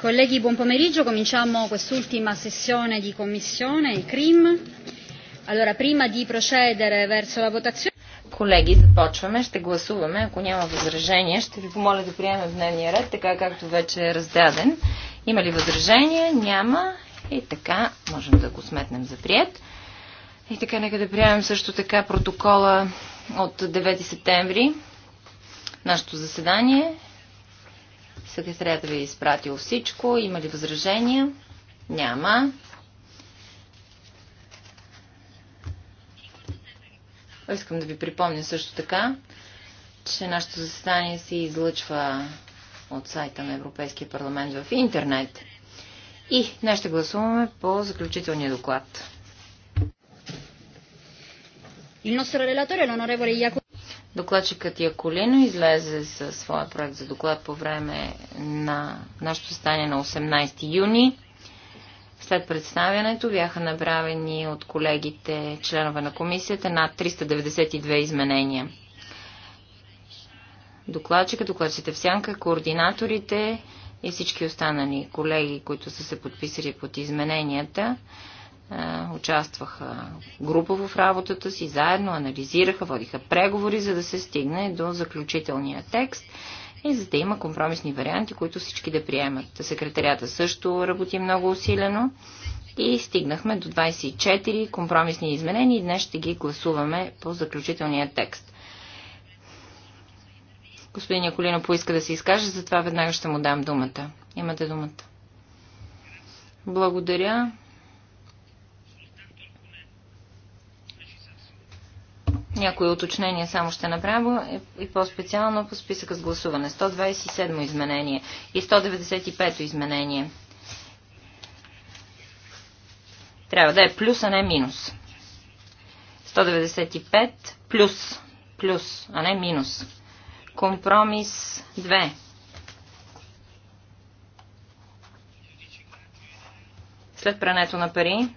Colleghi, buon pomeriggio. Cominciamo quest'ultima sessione di commissione, il CRIM. Allora, prima di procedere verso la votazione... Колеги, започваме. Ще гласуваме. Ако няма възражение, ще ви помоля да приемем дневния ред, така както вече е раздаден. Има ли възражение? Няма. И така, можем да го сметнем за прият. И така, нека да приемем също така протокола от 9 септември, нашето заседание. Секретарията ви е изпратил всичко. Има ли възражения? Няма. Искам да ви припомня също така, че нашето заседание се излъчва от сайта на Европейския парламент в интернет. И днес ще гласуваме по заключителния доклад. Il nostro relatore, l'onorevole Iacolino, Докладчикът Яколино излезе със своя проект за доклад по време на нашето състояние на 18 юни. След представянето бяха направени от колегите членове на комисията над 392 изменения. Докладчика, докладчите в сянка, координаторите и всички останали колеги, които са се подписали под измененията, участваха група в работата си, заедно анализираха, водиха преговори, за да се стигне до заключителния текст и за да има компромисни варианти, които всички да приемат. Секретарията също работи много усилено и стигнахме до 24 компромисни изменения и днес ще ги гласуваме по заключителния текст. Господин Яколино поиска да се изкаже, затова веднага ще му дам думата. Имате думата. Благодаря. Някои уточнения само ще направя е, и по-специално по списъка с гласуване. 127 изменение и 195 изменение. Трябва да е плюс, а не минус. 195 плюс, плюс, а не минус. Компромис 2. След прането на пари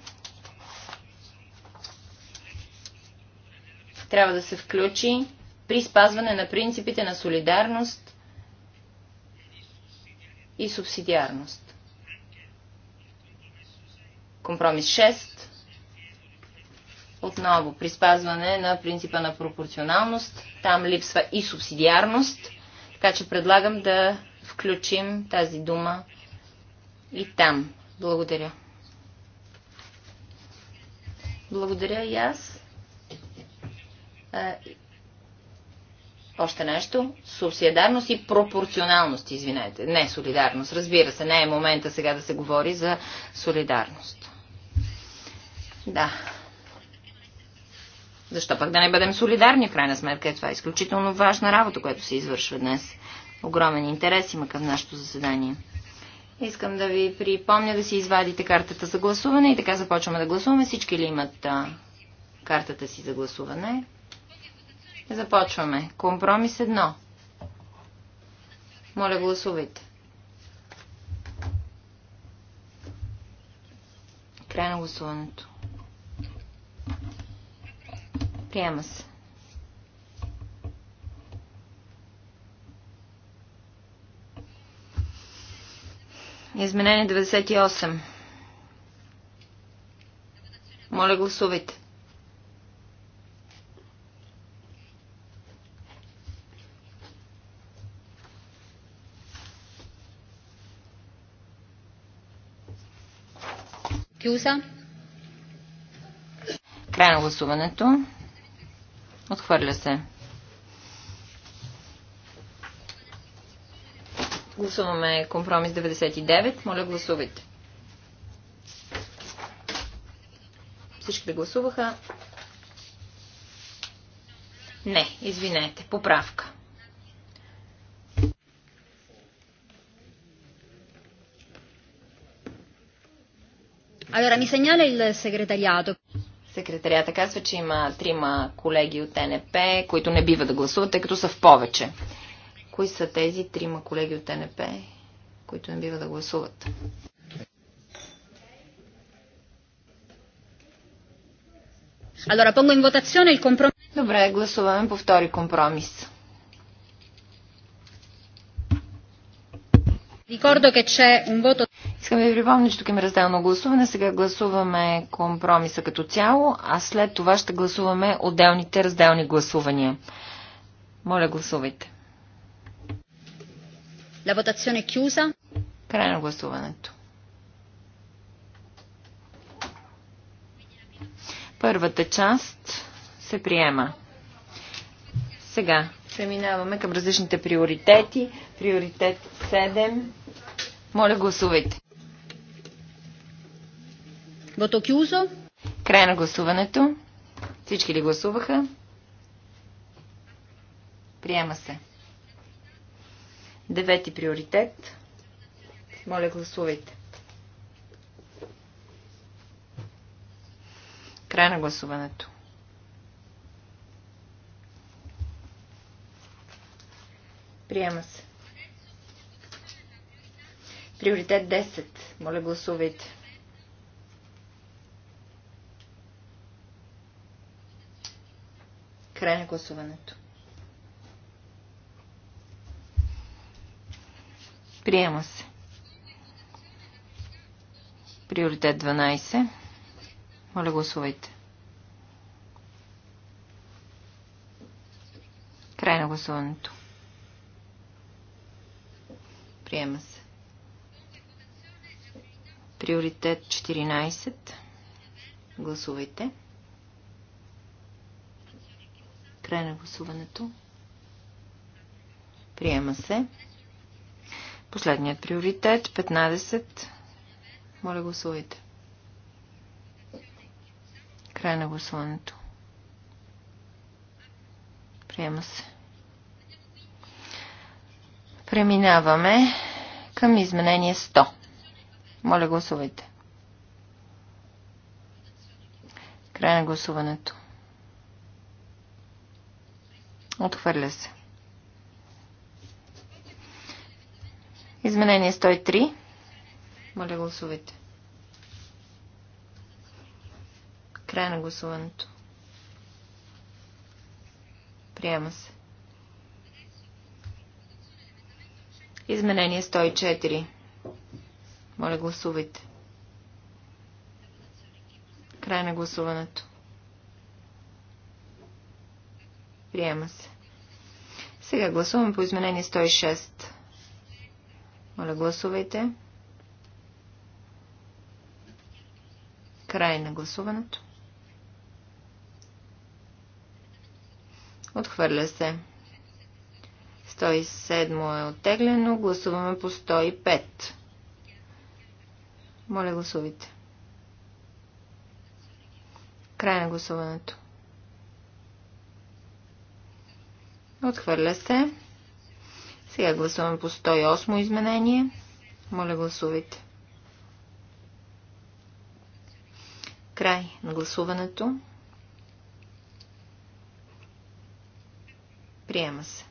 трябва да се включи при спазване на принципите на солидарност и субсидиарност. Компромис 6. Отново, при спазване на принципа на пропорционалност, там липсва и субсидиарност, така че предлагам да включим тази дума и там. Благодаря. Благодаря и аз. Още нещо. Субсидарност и пропорционалност, извинете. Не солидарност. Разбира се, не е момента сега да се говори за солидарност. Да. Защо пък да не бъдем солидарни, в крайна сметка? Е това е изключително важна работа, която се извършва днес. Огромен интерес има към нашето заседание. Искам да ви припомня да си извадите картата за гласуване и така започваме да гласуваме. Всички ли имат а, картата си за гласуване? Започваме. Компромис 1. Моля, гласувайте. Край на гласуването. Приема се. Изменение 98. Моля, гласувайте. Кюса. Край на гласуването. Отхвърля се. Гласуваме компромис 99. Моля, гласувайте. Всички ли гласуваха? Не, извинете, поправка. Allora, mi segnala il segretariato. Секретарията казва, че има трима колеги от НП, които не бива да гласуват, тъй като са в повече. Кои са тези трима колеги от НП, които не бива да гласуват? Allora, pongo in votazione il compromesso. Добре, гласуваме по втори компромис. Искам да ви припомня, че тук има разделно гласуване. Сега гласуваме компромиса като цяло, а след това ще гласуваме отделните разделни гласувания. Моля, гласувайте. La votazione chiusa. Край на гласуването. Първата част се приема. Сега преминаваме към различните приоритети. Приоритет 7 моля, гласувайте. Ботокюзо. Край на гласуването. Всички ли гласуваха? Приема се. Девети приоритет. Моля, гласувайте. Край на гласуването. Приема се. Приоритет 10. Моля гласувайте. Край на гласуването. Приема се. Приоритет 12. Моля гласувайте. Край на гласуването. Приема се. Приоритет 14. Гласувайте. Край на гласуването. Приема се. Последният приоритет 15. Моля гласувайте. Край на гласуването. Приема се. Преминаваме към изменение 100. Моля, гласувайте. Край на гласуването. Отхвърля се. Изменение 103. Моля, гласувайте. Край на гласуването. Приема се. Изменение 104. Моля, гласувайте. Край на гласуването. Приема се. Сега гласуваме по изменение 106. Моля, гласувайте. Край на гласуването. Отхвърля се. 107 е оттеглено. Гласуваме по 105. Моля, гласувайте. Край на гласуването. Отхвърля се. Сега гласуваме по 108 изменение. Моля, гласувайте. Край на гласуването. Приема се.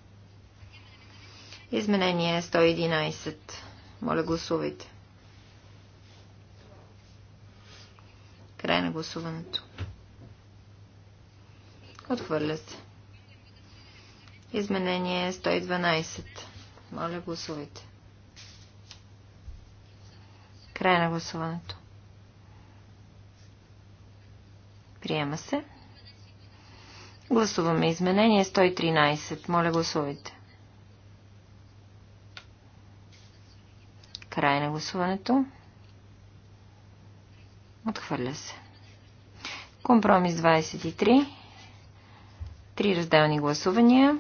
Изменение 111. Моля, гласувайте. Край на гласуването. Отхвърля се. Изменение 112. Моля, гласувайте. Край на гласуването. Приема се. Гласуваме изменение 113. Моля, гласувайте. Край на гласуването. Отхвърля се. Компромис 23. Три разделни гласувания.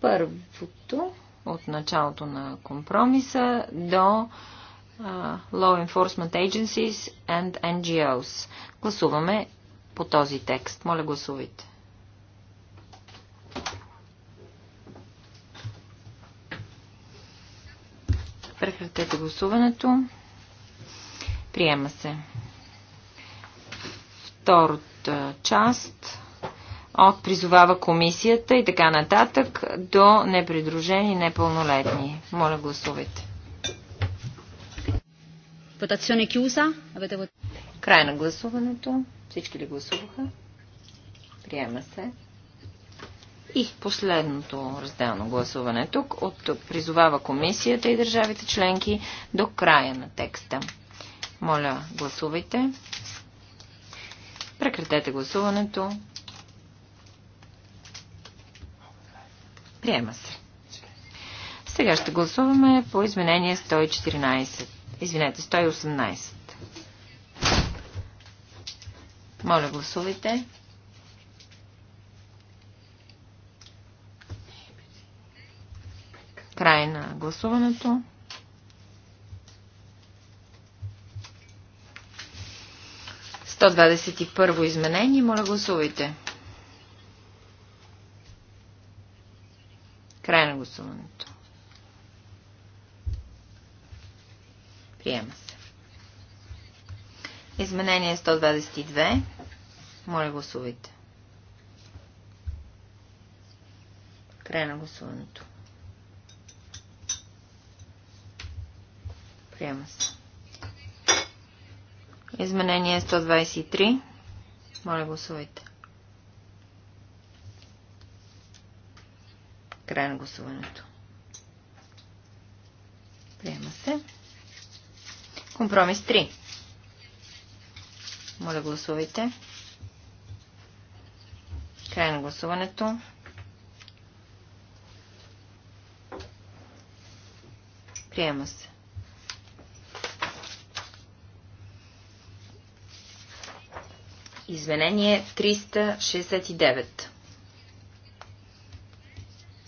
Първото от началото на компромиса до uh, Law Enforcement Agencies and NGOs. Гласуваме по този текст. Моля, гласувайте. Прекратете гласуването. Приема се втората част от призовава комисията и така нататък до непридружени непълнолетни. Моля, гласувайте. Votazione chiusa. Avete Край на гласуването. Всички ли гласуваха? Приема се. И последното разделно гласуване тук от призовава комисията и държавите членки до края на текста. Моля, гласувайте. Прекратете гласуването. Приема се. Сега ще гласуваме по изменение 114. Извинете, 118. Моля, гласувайте. Край на гласуването. 121 изменение. Моля, гласувайте. Край на гласуването. Приема се. Изменение 122. Моля, гласувайте. Край на гласуването. Приема се. Изменение 123. Моля гласувайте. Край на гласуването. Приема се. Компромис 3. Моля гласувайте. Край на гласуването. Приема се. Изменение 369.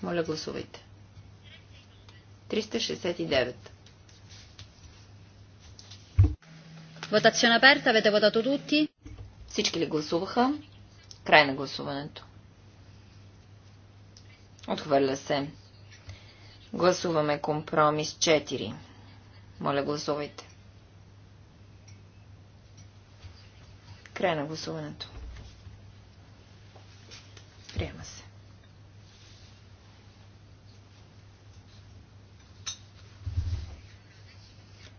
Моля, гласувайте. 369. Votazione aperta, avete votato tutti? Всички ли гласуваха? Край на гласуването. Отхвърля се. Гласуваме компромис 4. Моля, гласувайте. Край на гласуването. Приема се.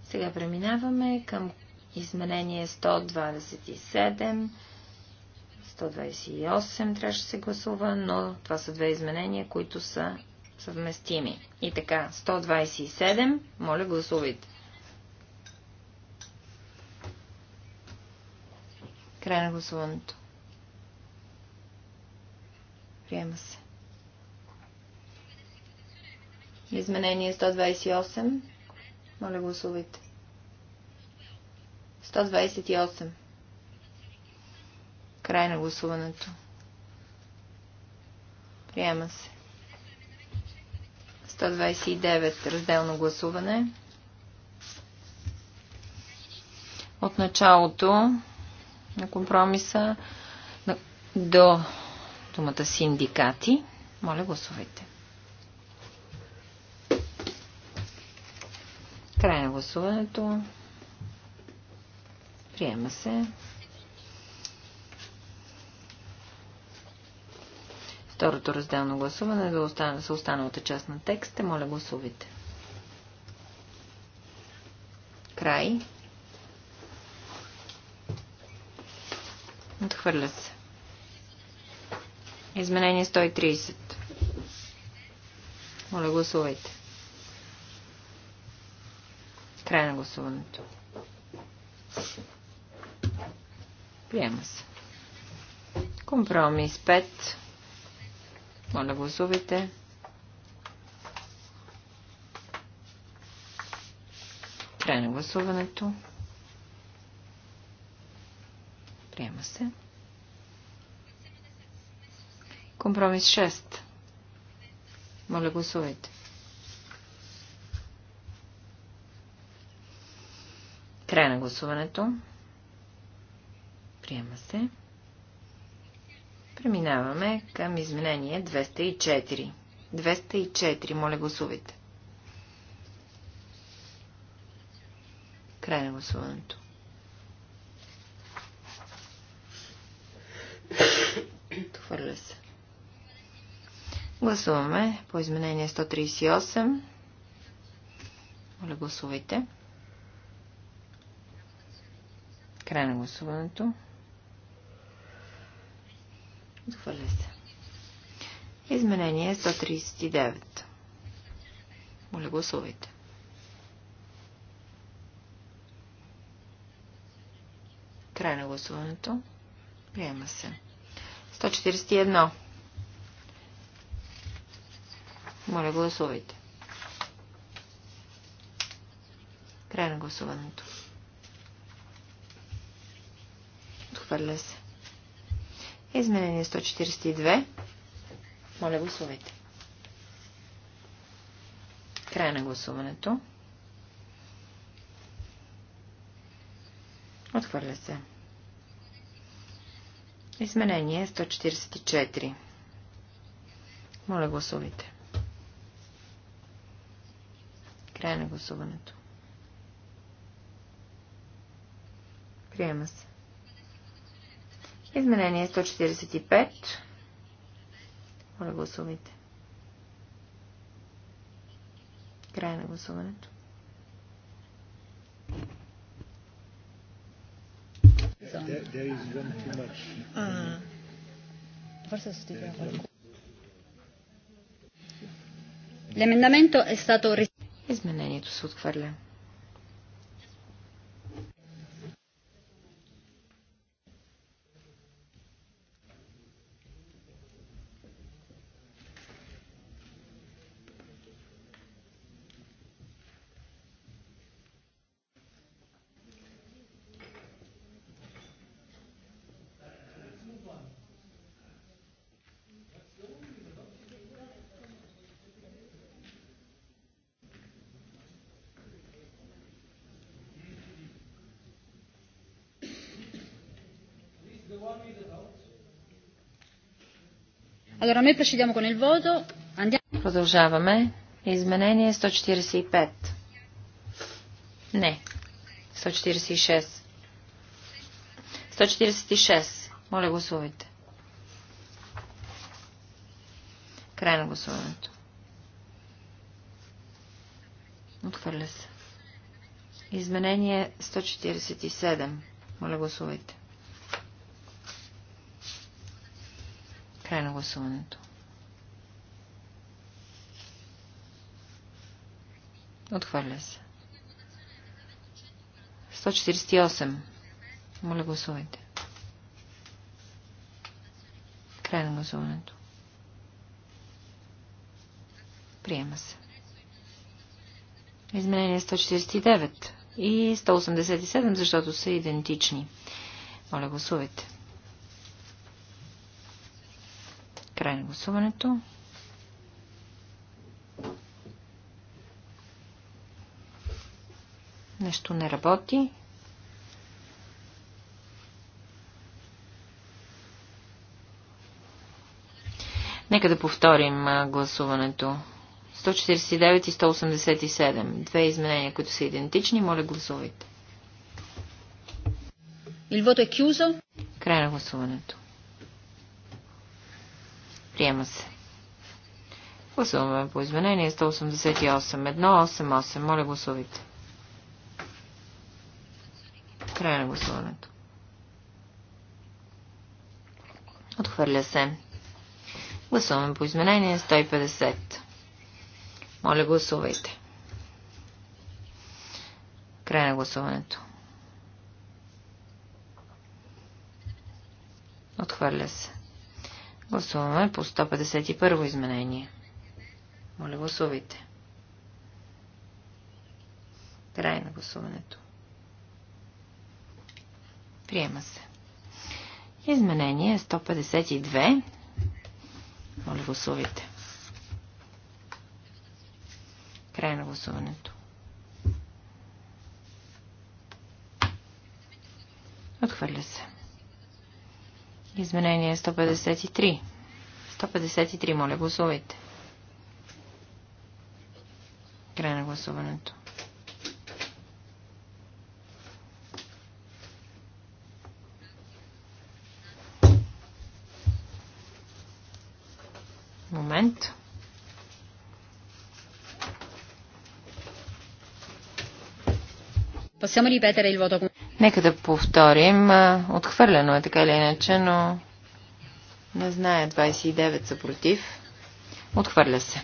Сега преминаваме към изменение 127. 128 трябваше да се гласува, но това са две изменения, които са съвместими. И така, 127, моля гласувайте. Край на гласуването. Приема се. Изменение 128. Моля гласувайте. 128. Край на гласуването. Приема се. 129. Разделно гласуване. От началото на компромиса до думата синдикати. Моля, гласувайте. Край на гласуването. Приема се. Второто разделно гласуване за, остан... останалата част на текста. Моля, гласувайте. Край. Отхвърля се. Изменение 130. Моля, гласувайте. Край на гласуването. Приема се. Компромис 5. Моля, гласувайте. Край на гласуването. Приема се. Компромис 6. Моля, гласувайте. Край на гласуването. Приема се. Преминаваме към изменение 204. 204. Моля, гласувайте. Край на гласуването. Отхвърля се. Гласуваме по изменение 138. Моля, гласувайте. Край на гласуването. Отхвърля се. Изменение 139. Моля, гласувайте. Край на гласуването. Приема се. 141. Моля, гласувайте. Край на гласуването. Отхвърля се. Изменение 142. Моля, гласувайте. Край на гласуването. Отхвърля се. Изменение 144. Моля, гласувайте. Край на гласуването. Приема се. Изменение 145. Моля, гласувайте. Край на гласуването. so. There, there is one too much. Ah. L'emendamento è stato Изменението се отхвърля. Allora, noi procediamo con il voto. Andiamo. Продължаваме. Изменение 145. Не. 146. 146. Моля, гласувайте. Край на гласуването. Отхвърля се. Изменение 147. Моля, гласувайте. гласуването. Отхвърля се. 148. Моля, гласувайте. Край на гласуването. Приема се. Изменение 149 и 187, защото са идентични. Моля, гласувайте. гласуването. Нещо не работи. Нека да повторим гласуването. 149 и 187. Две изменения, които са идентични. Моля, гласувайте. Il voto è chiuso. Край на гласуването. Приема се. Гласуваме по изменение 188-188. Моля гласувайте. Край на гласуването. Отхвърля се. Гласуваме по изменение 150. Моля гласувайте. Край на гласуването. Отхвърля се. Гласуваме по 151 изменение. Моля, гласувайте. Край на гласуването. Приема се. Изменение 152. Моля, гласувайте. Край на гласуването. Отхвърля се. Изменение 153. 153, моля, гласувайте. Край на гласуването. Момент. Possiamo ripetere il voto Нека да повторим. Отхвърлено е така или иначе, но не знае. 29 са против. Отхвърля се.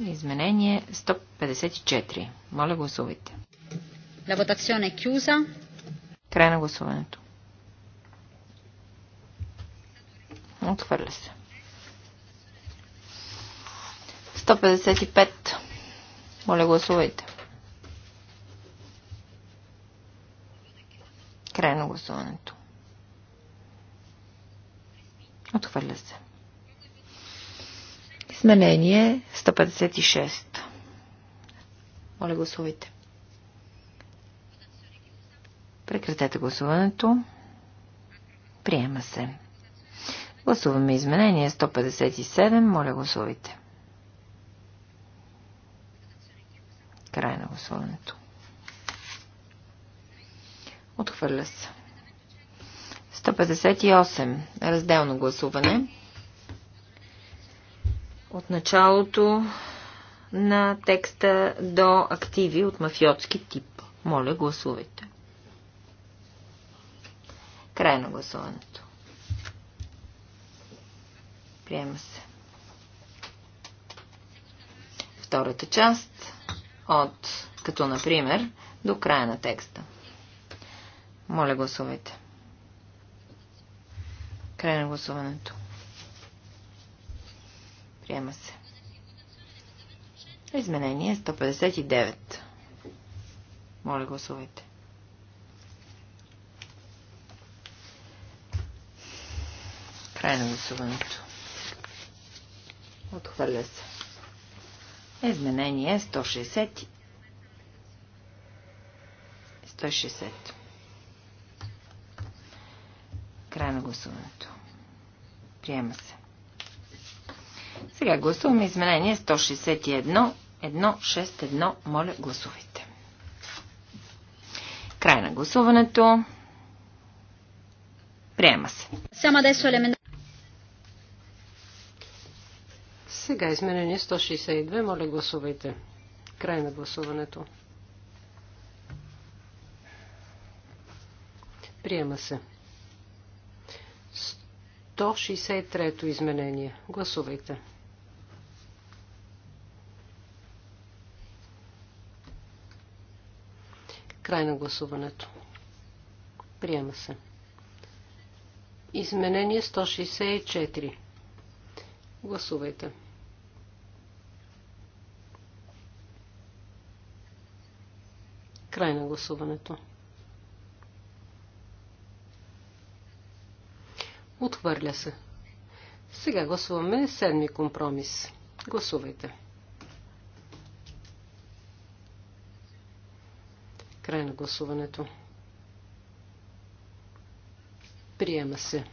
Изменение 154. Моля гласувайте. La votazione è chiusa. Край на гласуването. Отхвърля се. 155. Моля гласувайте. Край на гласуването. Отхвърля се. Изменение 156. Моля, гласувайте. Прекратете гласуването. Приема се. Гласуваме изменение 157. Моля, гласувайте. Край на гласуването. Отхвърля се. 158. Разделно гласуване. От началото на текста до активи от мафиотски тип. Моля, гласувайте. Край на гласуването. Приема се. Втората част от, като например, до края на текста. Моля, гласувайте. Край на гласуването. Приема се. Изменение 159. Моля, гласувайте. Край на гласуването. Отхвърля се. Изменение 160. 160. Край на гласуването. Приема се. Сега гласуваме изменение 161 161. Моля, гласувайте. Край на гласуването. Приема се. Само adesso е елемент. Сега изменение 162. Моля, гласувайте. Край на гласуването. Приема се до 63-то изменение. Гласувайте. Край на гласуването. Приема се. Изменение 164. Гласувайте. Край на гласуването. Отхвърля се. Сега гласуваме седми компромис. Гласувайте. Край на гласуването. Приема се.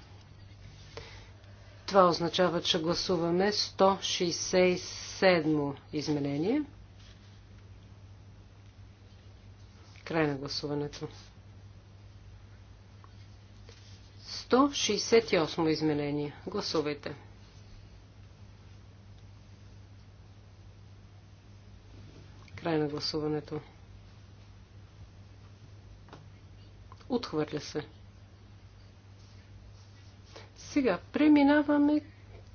Това означава, че гласуваме 167 изменение. Край на гласуването. 168 изменение. Гласувайте. Край на гласуването. Отхвърля се. Сега преминаваме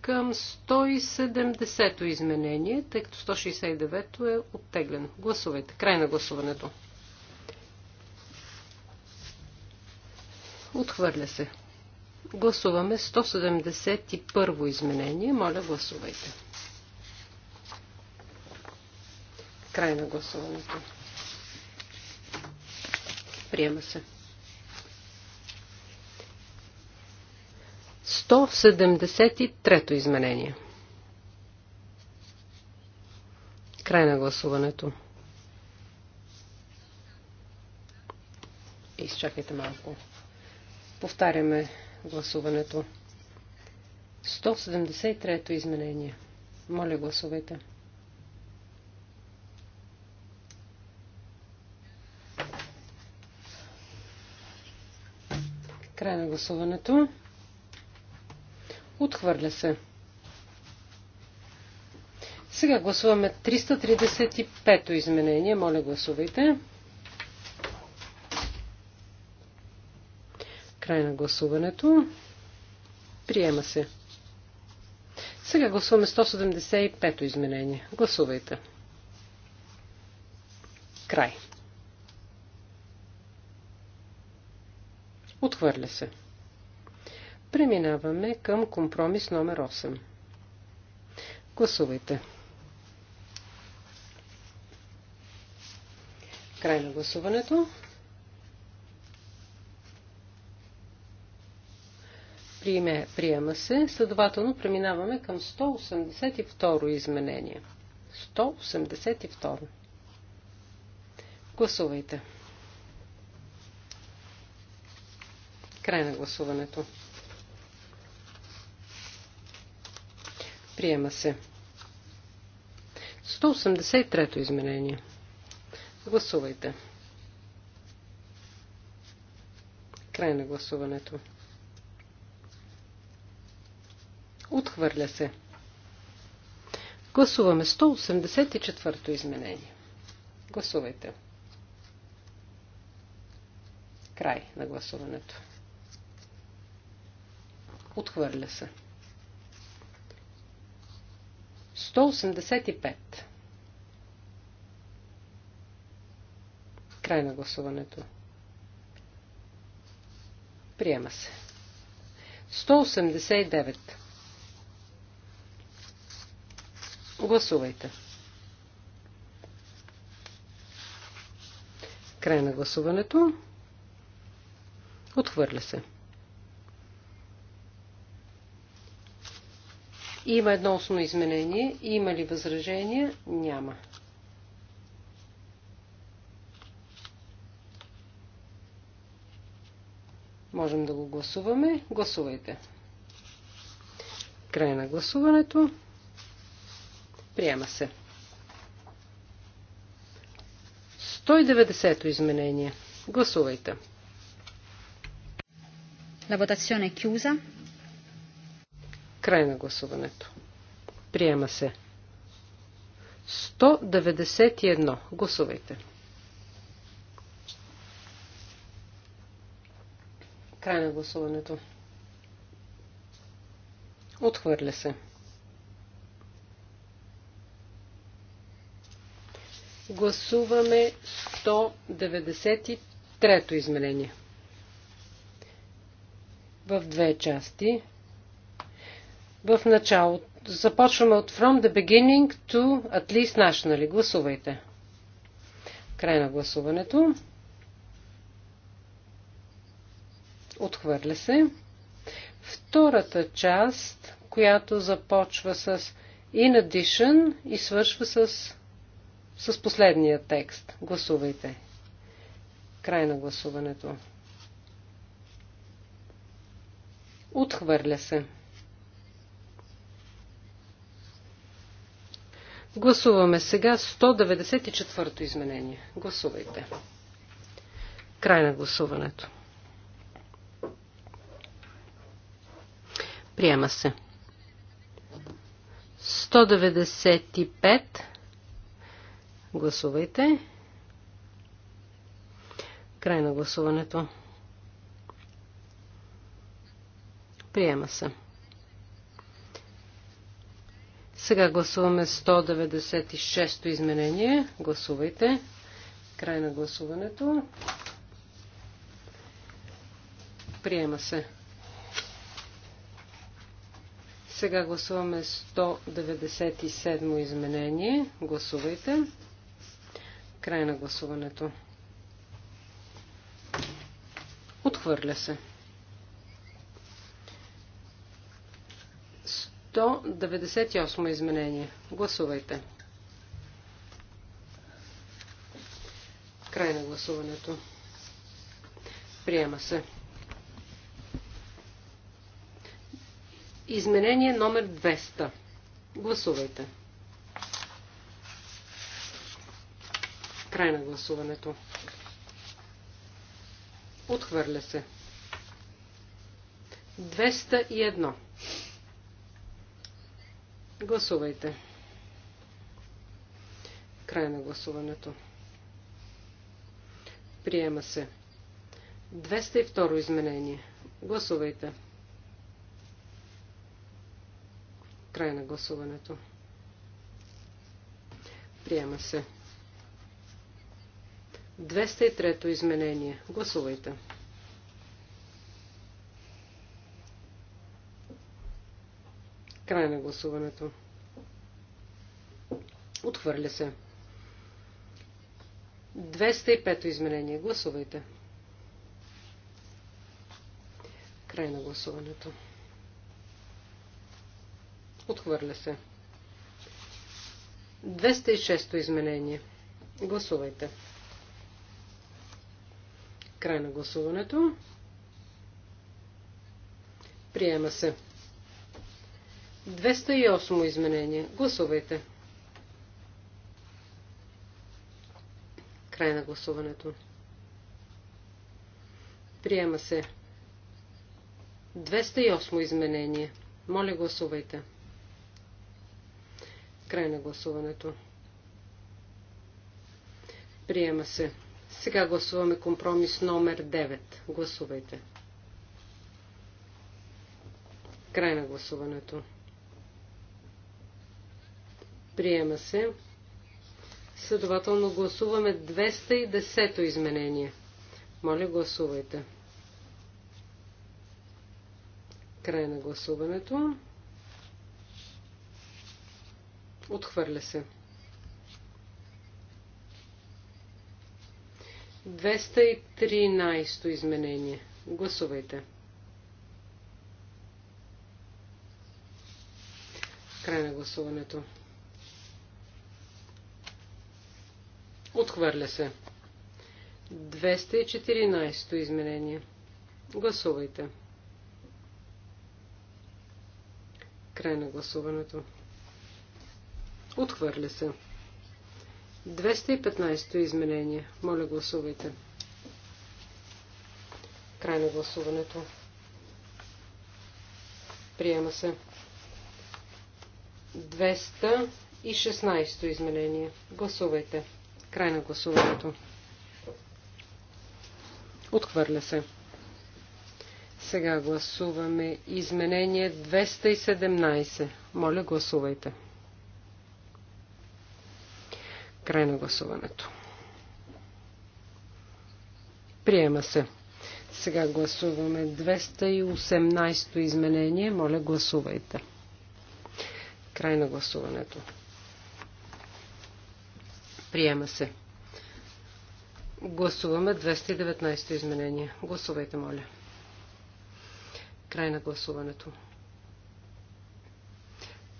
към 170-то изменение, тъй като 169-то е оттеглено. Гласувайте. Край на гласуването. Отхвърля се. Гласуваме 171 во изменение. Моля, гласувайте. Край на гласуването. Приема се. 173 изменение. Край на гласуването. Изчакайте малко. Повтаряме гласуването. 173-то изменение. Моля, гласувайте. Край на гласуването. Отхвърля се. Сега гласуваме 335-то изменение. Моля, гласувайте. Гласувайте. Край на гласуването. Приема се. Сега гласуваме 175-то изменение. Гласувайте. Край. Отхвърля се. Преминаваме към компромис номер 8. Гласувайте. Край на гласуването. Приеме, приема се. Следователно преминаваме към 182 изменение. 182. Гласувайте. Край на гласуването. Приема се. 183 изменение. Гласувайте. Край на гласуването. Отхвърля се. Гласуваме 184-то изменение. Гласувайте. Край на гласуването. Отхвърля се. 185. Край на гласуването. Приема се. 189. Гласувайте. Край на гласуването. Отхвърля се. Има едно основно изменение. Има ли възражения? Няма. Можем да го гласуваме. Гласувайте. Край на гласуването. Приема се. 190-то изменение. Гласувайте. La votazione è chiusa. Край на гласуването. Приема се. 191. Гласувайте. Край на гласуването. Отхвърля се. Гласуваме 193-то изменение. В две части. В началото. Започваме от From the beginning to at least nationally. Нали? Гласувайте. Край на гласуването. Отхвърля се. Втората част, която започва с In addition и свършва с с последния текст. Гласувайте. Край на гласуването. Отхвърля се. Гласуваме сега 194-то изменение. Гласувайте. Край на гласуването. Приема се. 195 Гласувайте. Край на гласуването. Приема се. Сега гласуваме 196-то изменение. Гласувайте. Край на гласуването. Приема се. Сега гласуваме 197 изменение. Гласувайте. Край на гласуването. Отхвърля се. 198 изменение. Гласувайте. Край на гласуването. Приема се. Изменение номер 200. Гласувайте. Край на гласуването. Отхвърля се. 201. Гласувайте. Край на гласуването. Приема се. 202 изменение. Гласувайте. Край на гласуването. Приема се. 203-то изменение. Гласувайте. Край на гласуването. Отхвърля се. 205-то изменение. Гласувайте. Край на гласуването. Отхвърля се. 206-то изменение. Гласувайте. Край на гласуването. Приема се. 208 изменение. Гласувайте. Край на гласуването. Приема се. 208 изменение. Моля гласувайте. Край на гласуването. Приема се. Сега гласуваме компромис номер 9. Гласувайте. Край на гласуването. Приема се. Следователно гласуваме 210-то изменение. Моля, гласувайте. Край на гласуването. Отхвърля се. 213 изменение. Гласувайте. Край на гласуването. Отхвърля се. 214 изменение. Гласувайте. Край на гласуването. Отхвърля се. 215 изменение. Моля, гласувайте. Край на гласуването. Приема се. 216 изменение. Гласувайте. Край на гласуването. Отхвърля се. Сега гласуваме изменение 217. Моля, гласувайте. Край на гласуването. Приема се. Сега гласуваме 218 изменение. Моля, гласувайте. Край на гласуването. Приема се. Гласуваме 219 изменение. Гласувайте, моля. Край на гласуването.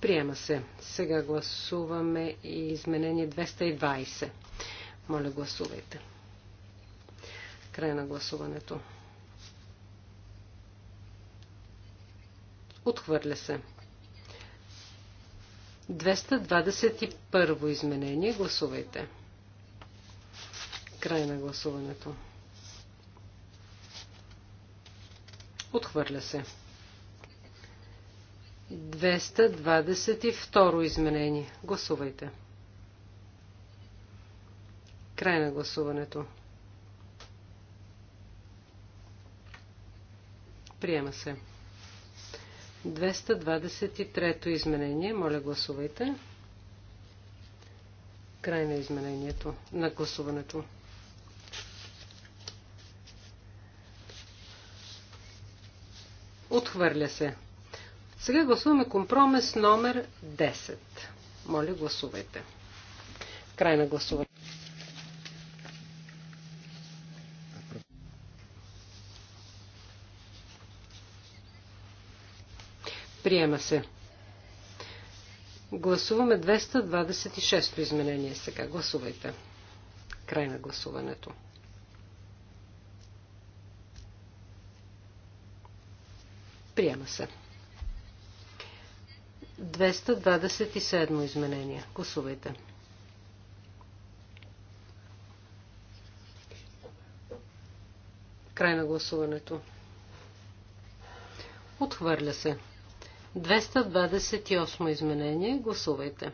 Приема се. Сега гласуваме и изменение 220. Моля, гласувайте. Край на гласуването. Отхвърля се. 221 изменение. Гласувайте. Край на гласуването. Отхвърля се. 222 изменение. Гласувайте. Край на гласуването. Приема се. 223 изменение. Моля гласувайте. Край на изменението. На гласуването. Отхвърля се. Сега гласуваме компромис номер 10. Моля, гласувайте. Край на гласуване. Приема се. Гласуваме 226-то изменение сега. Гласувайте. Край на гласуването. Приема се. 227 изменение. Гласувайте. Край на гласуването. Отхвърля се. 228 изменение. Гласувайте.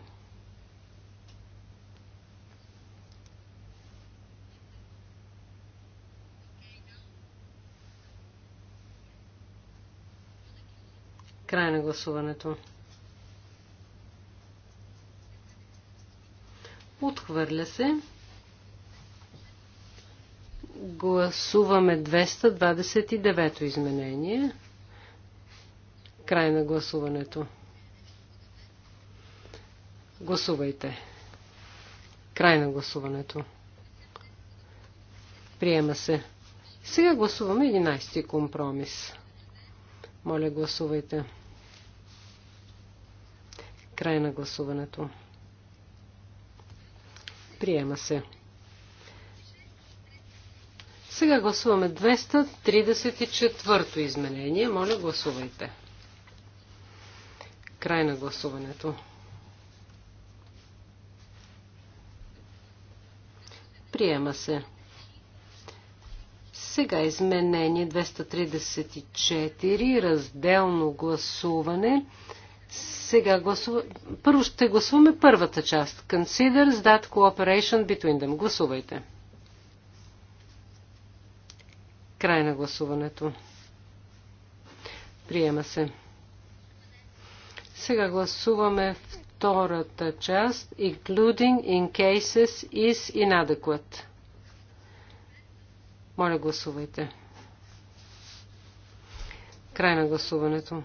Край на гласуването. Отхвърля се. Гласуваме 229 то изменение. Край на гласуването. Гласувайте. Край на гласуването. Приема се. Сега гласуваме 11-ти компромис. Моля, гласувайте. Край на гласуването. Приема се. Сега гласуваме 234-то изменение. Моля, гласувайте. Край на гласуването. Приема се. Сега изменение 234, разделно гласуване. Сега гласува... Първо ще гласуваме първата част. Consider that cooperation between them. Гласувайте. Край на гласуването. Приема се. Сега гласуваме втората част, including in cases is inadequate. Моля, гласувайте. Край на гласуването.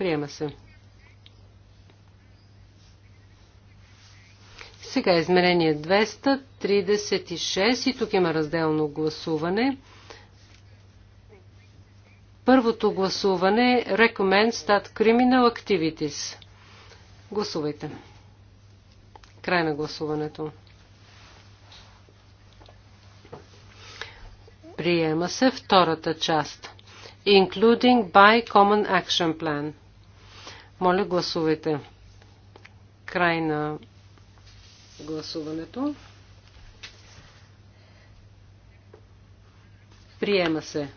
Приема се. Сега измерение 236 и тук има разделно гласуване. Първото гласуване е Recommend Stat Criminal Activities. Гласувайте. Край на гласуването. Приема се втората част. Including by Common Action Plan. Моля, гласувайте. Край на гласуването. Приема се.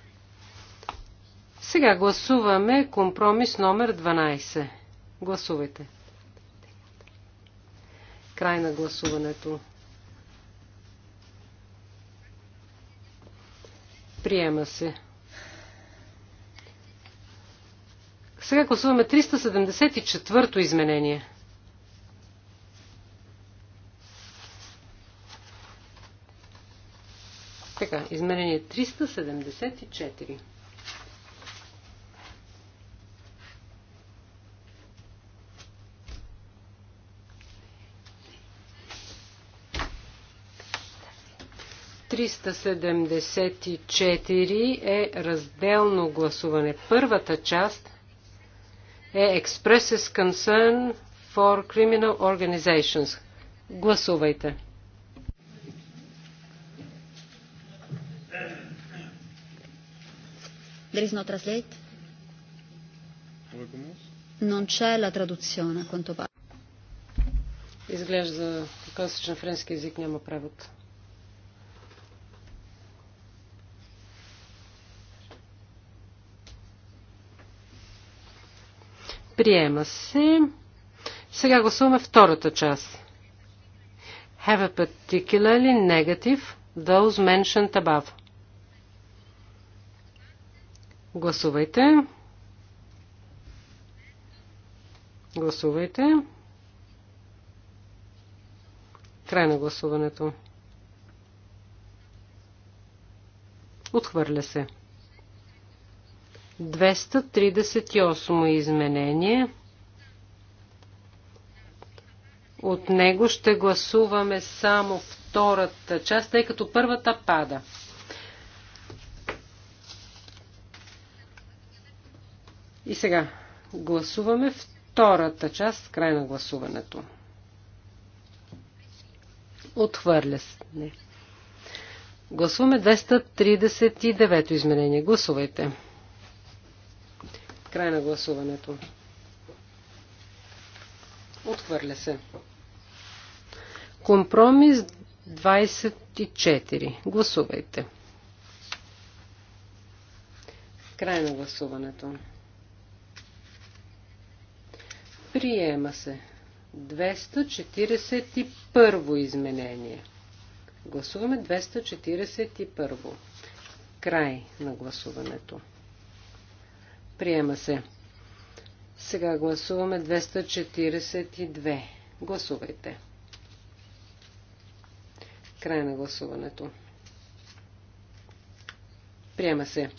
Сега гласуваме компромис номер 12. Гласувайте. Край на гласуването. Приема се. Сега гласуваме 374-то изменение. Така, изменение 374. Триста седемдесет и четири е разделно гласуване. Първата част е expresses concern for criminal organizations. Гласувайте. There is no translate? Non c'è la traduzione, a quanto pare. Изглежда, така че на френски язик няма превод. Приема се. Сега гласуваме втората част. Have a particularly negative those mentioned above. Гласувайте. Гласувайте. Край на гласуването. Отхвърля се. 238 изменение. От него ще гласуваме само втората част, тъй като първата пада. И сега гласуваме втората част, край на гласуването. Отхвърля се. Гласуваме 239 изменение. Гласувайте. Край на гласуването. Отхвърля се. Компромис 24. Гласувайте. Край на гласуването. Приема се. 241 изменение. Гласуваме 241. Край на гласуването. Приема се. Сега гласуваме 242. Гласувайте. Край на гласуването. Приема се.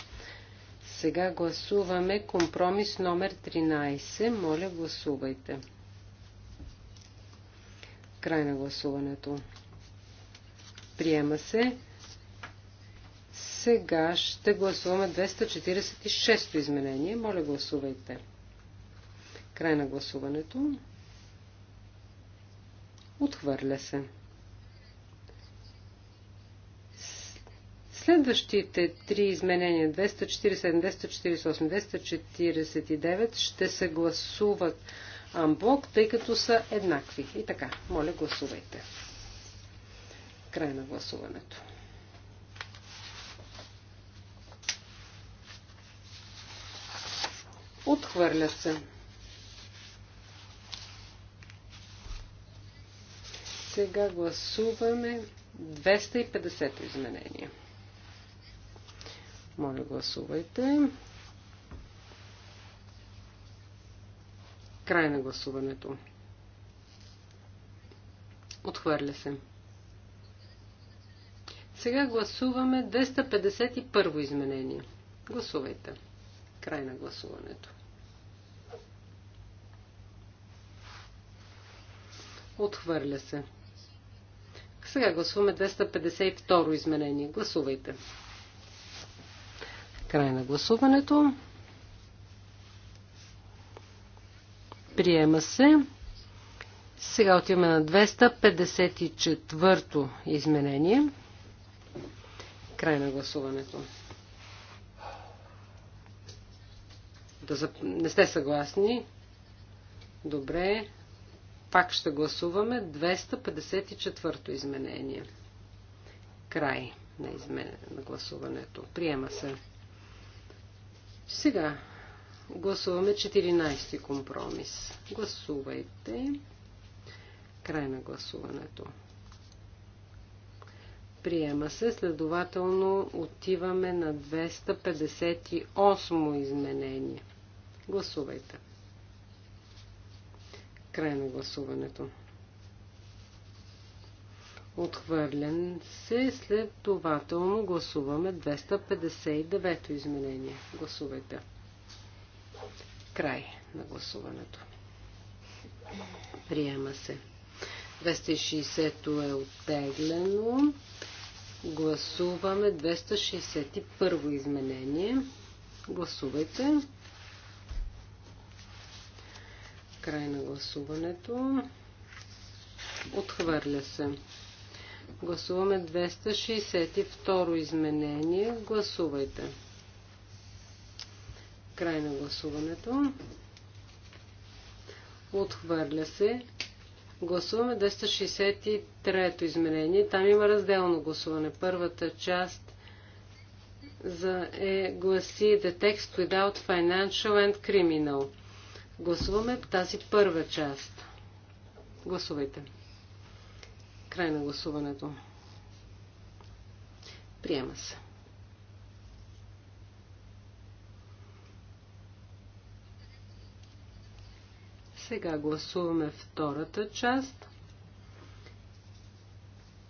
Сега гласуваме компромис номер 13. Моля, гласувайте. Край на гласуването. Приема се. Сега ще гласуваме 246-то изменение. Моля, гласувайте. Край на гласуването. Отхвърля се. Следващите три изменения 247, 248, 249 ще се гласуват амблок, тъй като са еднакви. И така, моля гласувайте. Край на гласуването. Отхвърля се. Сега гласуваме 250 изменения. Моля, гласувайте. Край на гласуването. Отхвърля се. Сега гласуваме 251 изменение. Гласувайте. Край на гласуването. Отхвърля се. Сега гласуваме 252 изменение. Гласувайте. Край на гласуването. Приема се. Сега отиваме на 254 изменение. Край на гласуването. Да зап... Не сте съгласни? Добре. Пак ще гласуваме 254-то изменение. Край на, измен... на гласуването. Приема се. Сега гласуваме 14-ти компромис. Гласувайте. Край на гласуването. Приема се, следователно отиваме на 258 изменение. Гласувайте. Край на гласуването. Отхвърлен се. След му гласуваме 259-то изменение. Гласувайте. Край на гласуването. Приема се. 260-то е оттеглено. Гласуваме 261-во изменение. Гласувайте. Край на гласуването. Отхвърля се. Гласуваме 262 изменение. Гласувайте. Край на гласуването. Отхвърля се. Гласуваме 263-то изменение. Там има разделно гласуване. Първата част за е гласи The text without financial and criminal. Гласуваме тази първа част. Гласувайте. Край на гласуването. Приема се. Сега гласуваме втората част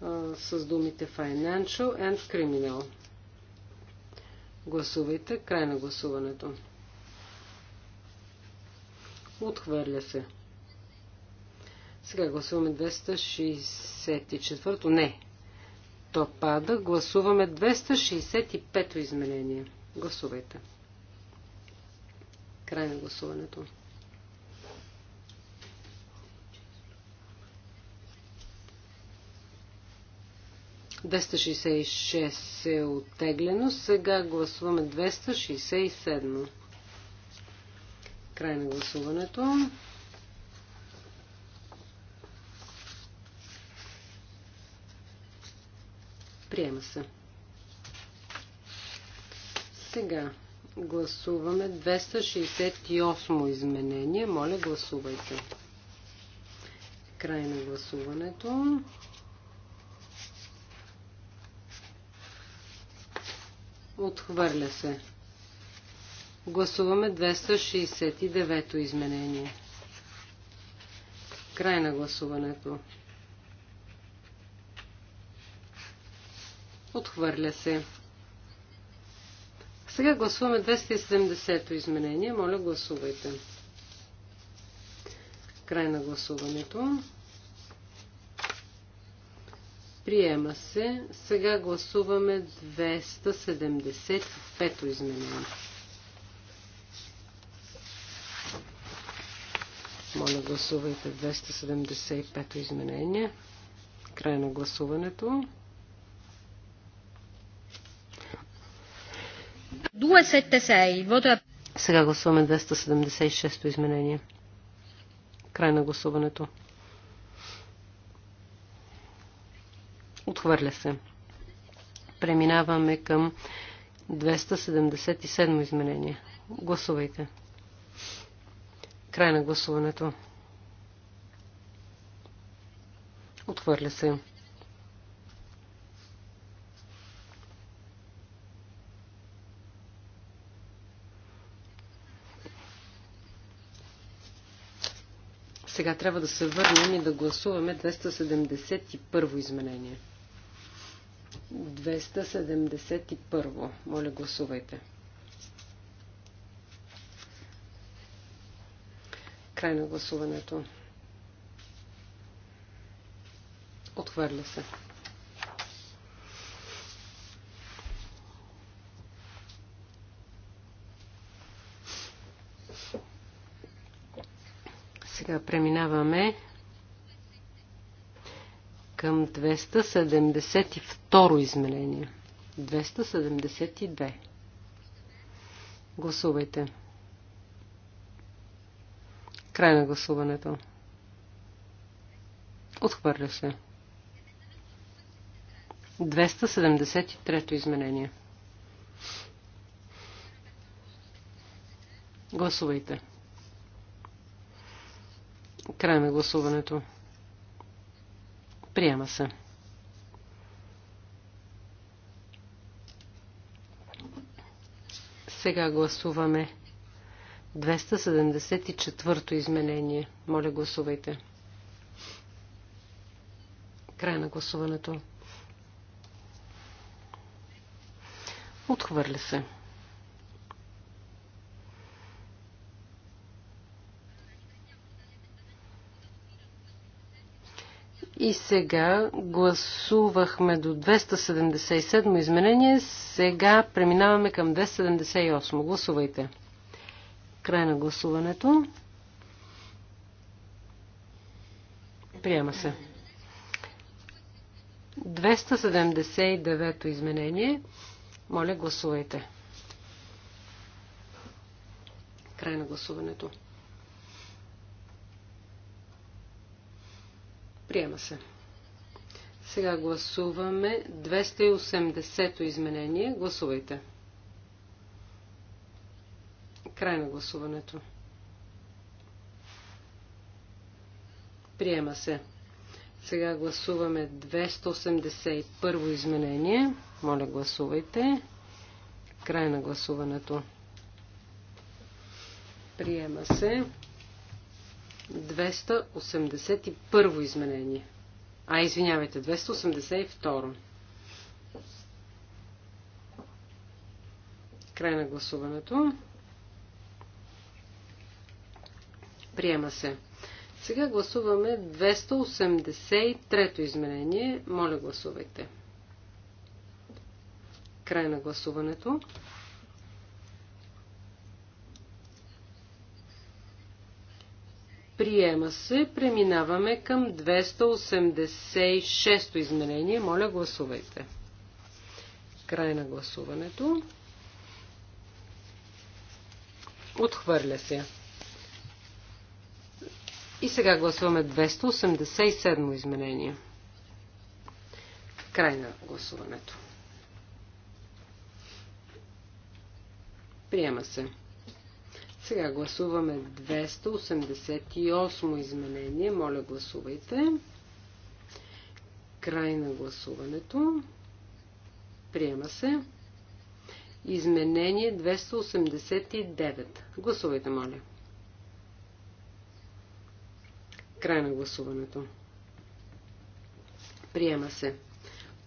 а, с думите Financial and Criminal. Гласувайте край на гласуването. Отхвърля се. Сега гласуваме 264-то. Не. То пада. Гласуваме 265-то изменение. Гласувайте. Край на гласуването. Двеста е оттеглено. Сега гласуваме 267. Край на гласуването. Приема се. Сега гласуваме 268 изменение. Моля, гласувайте. Край на гласуването. Отхвърля се. Гласуваме 269-то изменение. Край на гласуването. Отхвърля се. Сега гласуваме 270-то изменение. Моля, гласувайте. Край на гласуването. Приема се. Сега гласуваме 275-то изменение. Моля, гласувайте 275 изменение. Край на гласуването. Сега гласуваме 276-то изменение. Край на гласуването. Отхвърля се. Преминаваме към 277 изменение. Гласувайте. 276. Край на гласуването. Отхвърля се. Сега трябва да се върнем и да гласуваме 271 изменение. 271. Моля, гласувайте. 271. Край на гласуването. Отхвърля се. Сега преминаваме към 272 изменение. 272. Гласувайте. Край на гласуването. Отхвърля се. 273 изменение. Гласувайте. Край на гласуването. Приема се. Сега гласуваме 274 изменение. Моля, гласувайте. Край на гласуването. Отхвърля се. И сега гласувахме до 277 изменение, сега преминаваме към 278. Гласувайте. Край на гласуването. Приема се. 279 то изменение. Моля, гласувайте. Край на гласуването. Приема се. Сега гласуваме 280-то изменение. Гласувайте. Край на гласуването. Приема се. Сега гласуваме 281 изменение. Моля, гласувайте. Край на гласуването. Приема се. 281 изменение. А, извинявайте, 282. Край на гласуването. Приема се. Сега гласуваме 283-то изменение. Моля, гласувайте. Край на гласуването. Приема се. Преминаваме към 286-то изменение. Моля, гласувайте. Край на гласуването. Отхвърля се. И сега гласуваме 287 изменение. Край на гласуването. Приема се. Сега гласуваме 288 изменение. Моля, гласувайте. Край на гласуването. Приема се. Изменение 289. Гласувайте, моля. Край на гласуването. Приема се.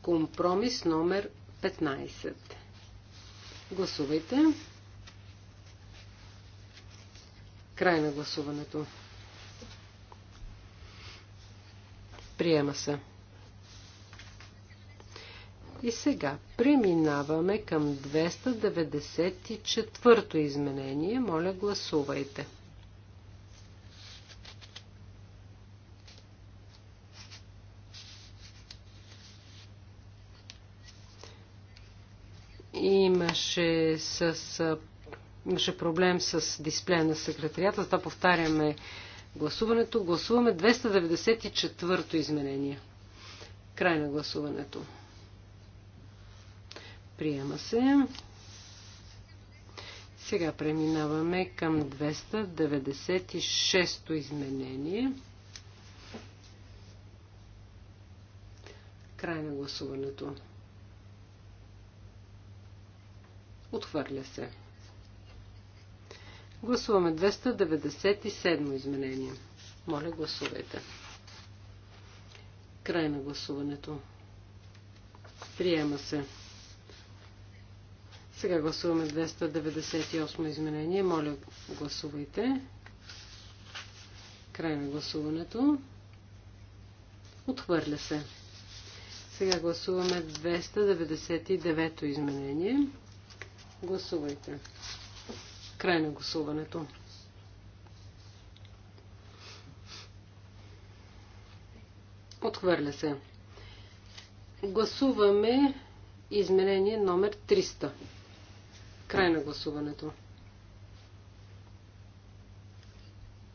Компромис номер 15. Гласувайте. Край на гласуването. Приема се. И сега преминаваме към 294-то изменение. Моля, гласувайте. имаше, с, имаше проблем с дисплея на секретарията, затова повтаряме гласуването. Гласуваме 294-то изменение. Край на гласуването. Приема се. Сега преминаваме към 296-то изменение. Край на гласуването. Отхвърля се. Гласуваме 297 изменение. Моля, гласувайте. Край на гласуването. Приема се. Сега гласуваме 298 изменение. Моля, гласувайте. Край на гласуването. Отхвърля се. Сега гласуваме 299 изменение. Гласувайте. Край на гласуването. Отхвърля се. Гласуваме изменение номер 300. Край на гласуването.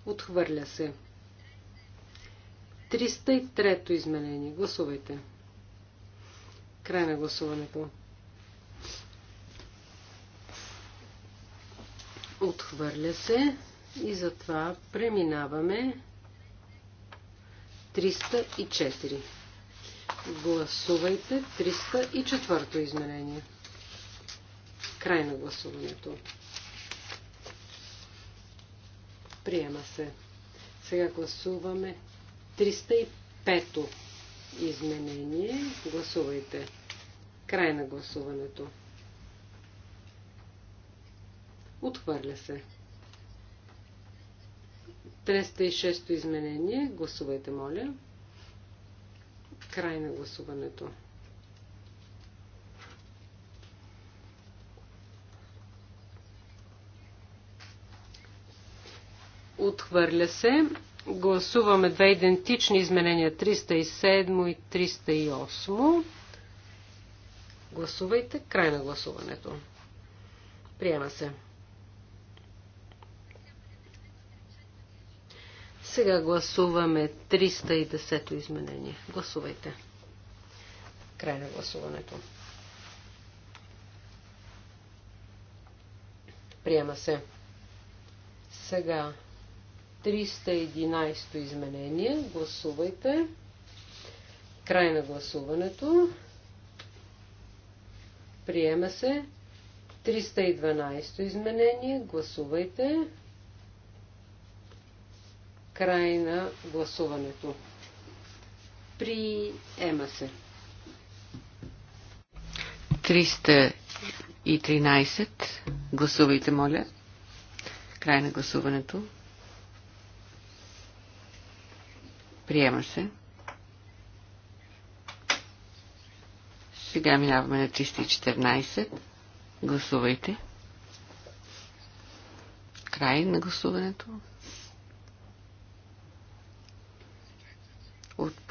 Отхвърля се. 303-то изменение. Гласувайте. Край на гласуването. Отхвърля се и затова преминаваме 304. Гласувайте 304 изменение. Край на гласуването. Приема се. Сега гласуваме 305 то изменение. Гласувайте. Край на гласуването. Отхвърля се. 306 изменение. Гласувайте, моля. Край на гласуването. Отхвърля се. Гласуваме две идентични изменения 307 и 308. Гласувайте край на гласуването. Приема се. Сега гласуваме 310-то изменение. Гласувайте. Край на гласуването. Приема се. Сега 311-то изменение. Гласувайте. Край на гласуването. Приема се. 312-то изменение. Гласувайте. Край на гласуването. Приема се. 313. Гласувайте, моля. Край на гласуването. Приема се. Сега минаваме на 314. Гласувайте. Край на гласуването.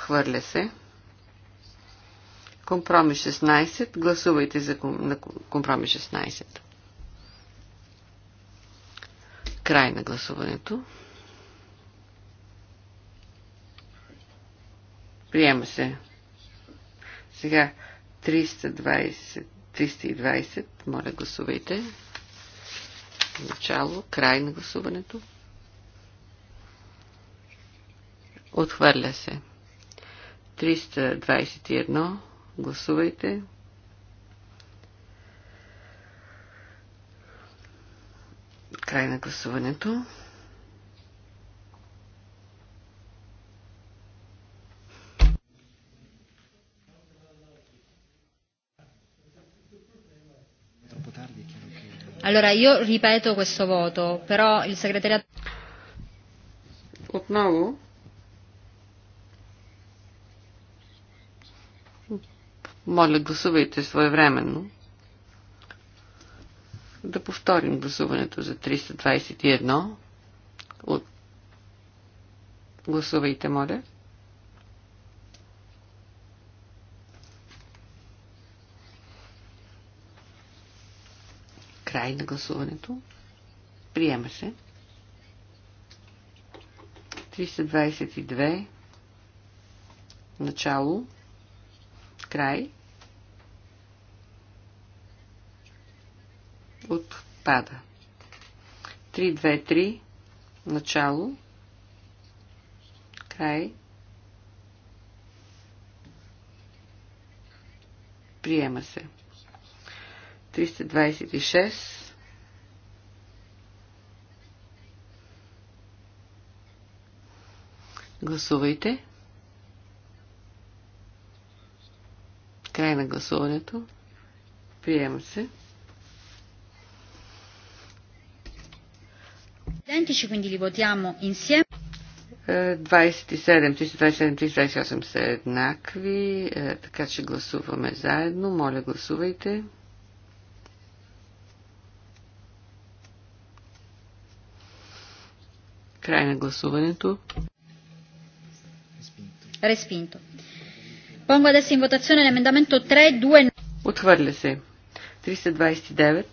Отхвърля се. Компромис 16. Гласувайте за компромис 16. Край на гласуването. Приема се. Сега 320, 320. Моля, гласувайте. Начало, край на гласуването. Отхвърля се. 321. Гласувайте. Край на гласуването. Allora io ripeto questo voto, però il segretariato... Отново Моля, гласувайте своевременно. Да повторим гласуването за 321. От... Гласувайте, моля. Край на гласуването. Приема се. 322. Начало. Край. пада. 3-2-3 начало край приема се. 326 Гласувайте. Край на гласуването. Приема се. identici, quindi li votiamo insieme. 27, 327, 328 са еднакви, е, така че гласуваме заедно. Моля, гласувайте. Край на гласуването. Респинто. Pongo adesso in votazione l'emendamento 329. Отхвърля се. 329.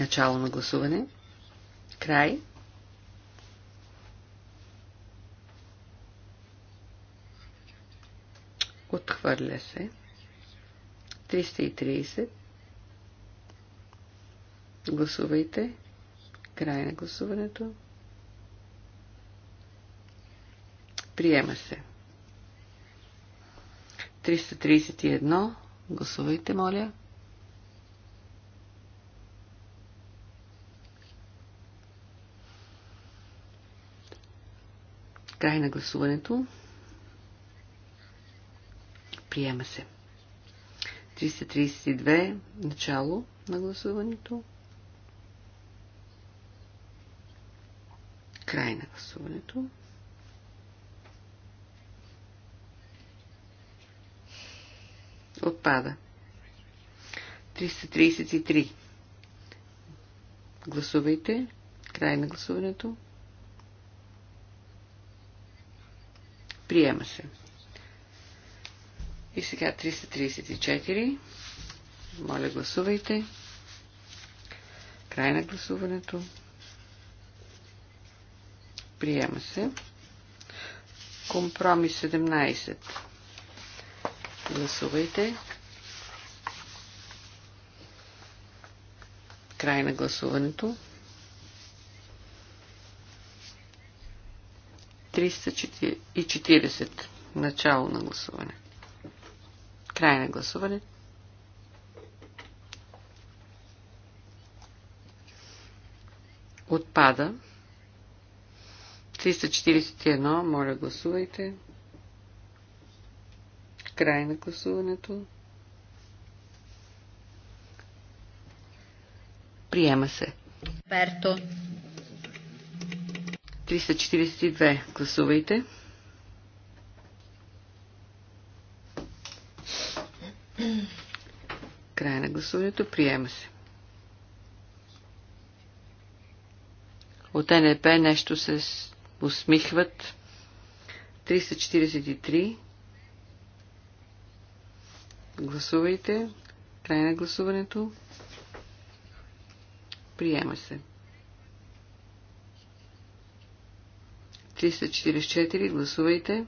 Начало на гласуване. Край. Отхвърля се. 330. Гласувайте. Край на гласуването. Приема се. 331. Гласувайте, моля. Край на гласуването. Приема се. 332. Начало на гласуването. Край на гласуването. Отпада. 333. Гласувайте. Край на гласуването. Приема се. И сега 334. Моля, гласувайте. Край на гласуването. Приема се. Компромис 17. Гласувайте. Край на гласуването. 340. Начало на гласуване. Край на гласуване. Отпада. 341. Моля, гласувайте. Край на гласуването. Приема се. Перто. 342. Гласувайте. Край на гласуването. Приема се. От НЕП нещо се усмихват. 343. Гласувайте. Край на гласуването. Приема се. 344. Гласувайте.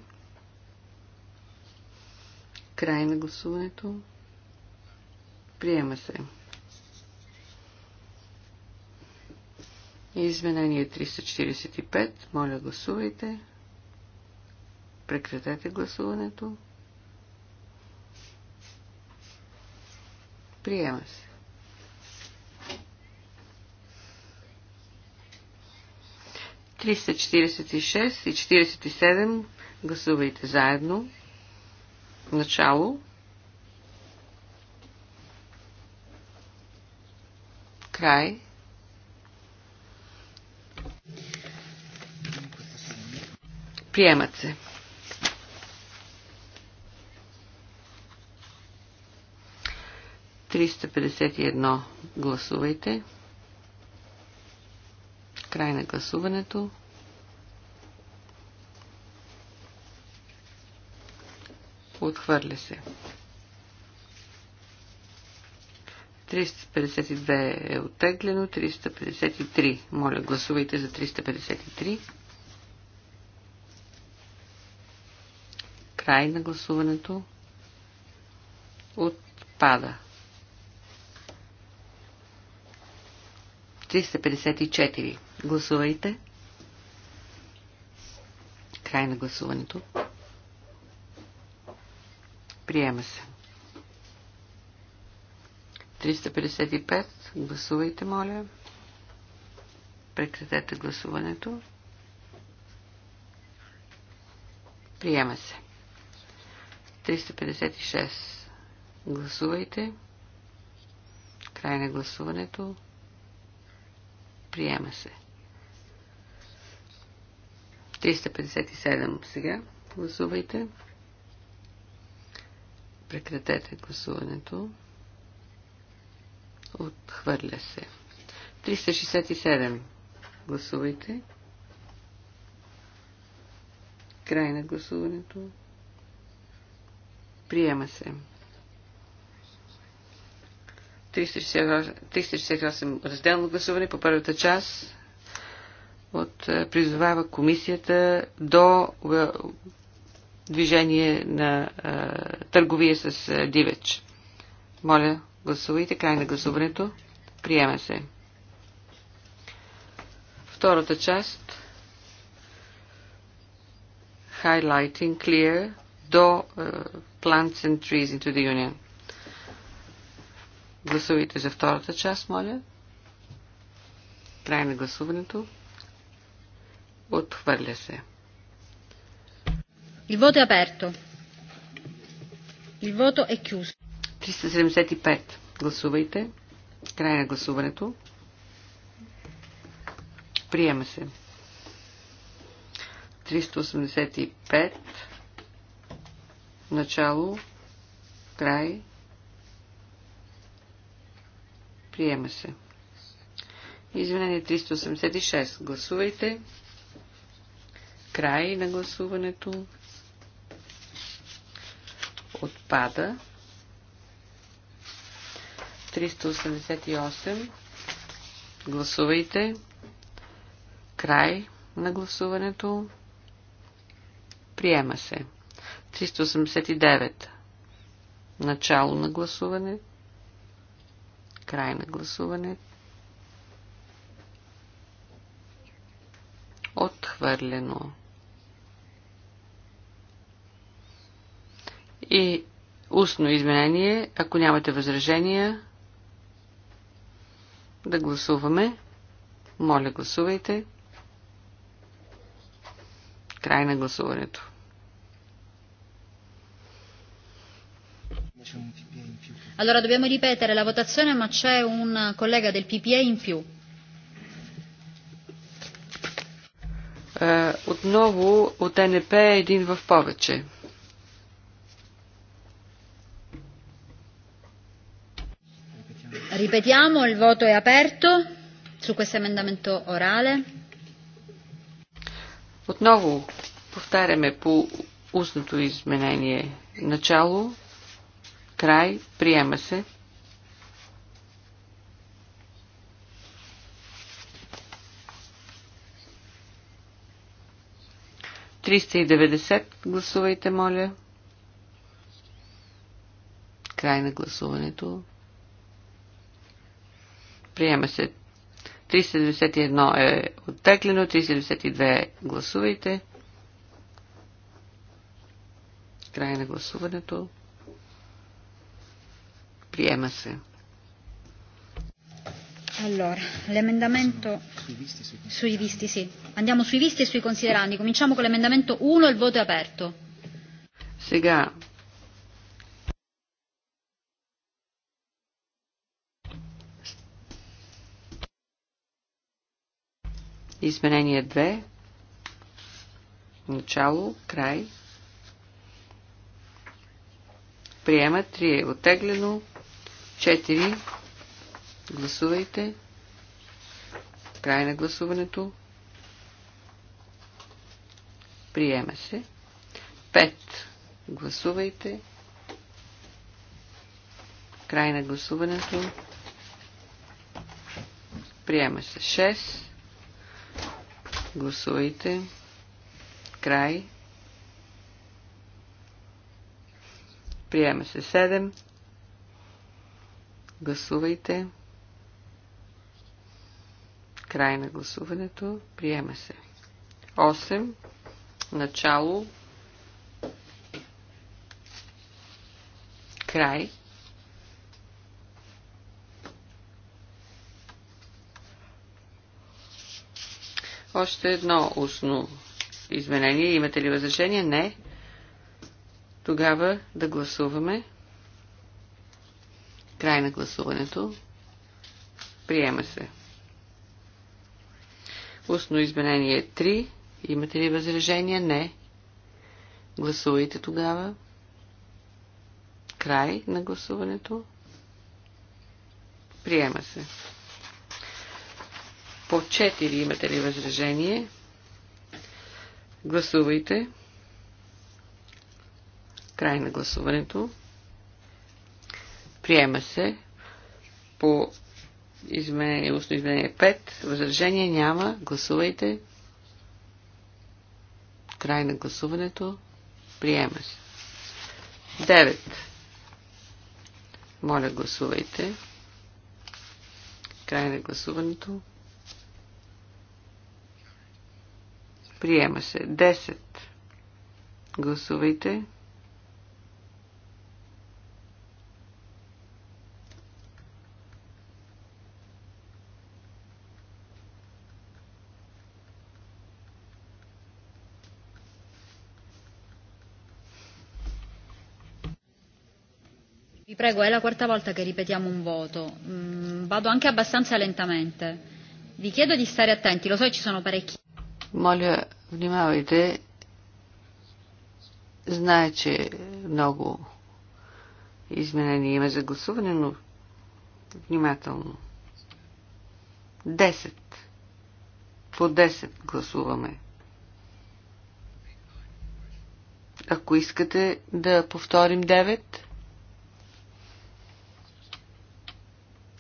Край на гласуването. Приема се. Изменение 345. Моля, гласувайте. Прекратете гласуването. Приема се. 346 и 47 гласувайте заедно. Начало. Край. Приемат се. Триста пятьдесят и едно гласувайте. Край на гласуването. Отхвърля се. 352 е оттеглено, 353. Моля, гласувайте за 353. Край на гласуването. Отпада. 354. Гласувайте. Край на гласуването. Приема се. 355. Гласувайте, моля. Прекратете гласуването. Приема се. 356. Гласувайте. Край на гласуването. Приема се. 357 сега. Гласувайте. Прекратете гласуването. Отхвърля се. 367. Гласувайте. Край на гласуването. Приема се. 368 разделно гласуване по първата част от е, призовава комисията до е, движение на а, е, търговия с а, дивеч. Моля, гласувайте. Край на гласуването. Приема се. Втората част. Highlighting clear до uh, plants and trees into the union. Гласувайте за втората част, моля. Край на гласуването. Отхвърля се. Il voto è aperto. Il voto è chiuso. 375. Гласувайте. Край на гласуването. Приема се. 385. Начало. Край. Приема се. Извинение 386. Гласувайте. Край на гласуването. Отпада. 388. Гласувайте. Край на гласуването. Приема се. 389. Начало на гласуване. Край на гласуване. Отхвърлено. И устно изменение, ако нямате възражения, да гласуваме. Моля, гласувайте. Край на гласуването. Allora dobbiamo ripetere la votazione ma c'è un collega del PPA in più. Отново от НП един в повече. Ripetiamo, il voto è aperto su questo emendamento orale. Отново повтаряме по устното изменение начало Край. Приема се. Триста и Гласувайте, моля. Край на гласуването. Приема се. 391 е оттеглено, 392 гласувайте. Край на гласуването. Приема се. Allora, l'emendamento sui visti, sì. Andiamo sui visti e sui considerandi. Cominciamo con l'emendamento 1, e il voto è aperto. Сега. Изменение 2. Начало, край. Приема 3 оттеглено. 4. Гласувайте. Край на гласуването. Приема се. 5. Гласувайте. Край на гласуването. Приема се 6. Гласувайте. Край. Приема се 7. Гласувайте. Край на гласуването. Приема се. 8. Начало. Край. Още едно устно изменение. Имате ли възражение? Не. Тогава да гласуваме. Край на гласуването. Приема се. Устно изменение 3. Имате ли възражение? Не. Гласувайте тогава. Край на гласуването. Приема се. По 4 имате ли възражение? Гласувайте. Край на гласуването. Приема се по изменение, устно изменение 5. Възражение няма. Гласувайте. Край на гласуването. Приема се. 9. Моля, гласувайте. Край на гласуването. Приема се. 10. Гласувайте. prego, è la quarta volta che ripetiamo un voto. Mm, vado anche abbastanza lentamente. Vi chiedo di stare attenti, lo so che ci sono parecchi. Моля, внимавайте. Знае, че много изменения има за гласуване, но внимателно. Десет. По десет гласуваме. Ако искате да повторим 9,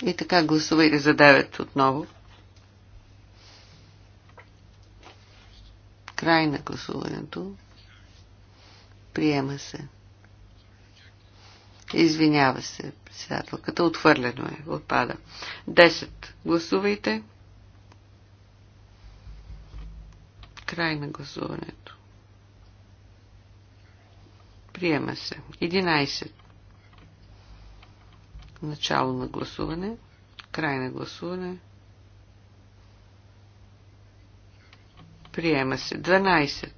И така гласувайте за 9 отново. Край на гласуването. Приема се. Извинява се председателката. Отвърлено е. Отпада. 10. Гласувайте. Край на гласуването. Приема се. 11. Начало на гласуване. Край на гласуване. Приема се 12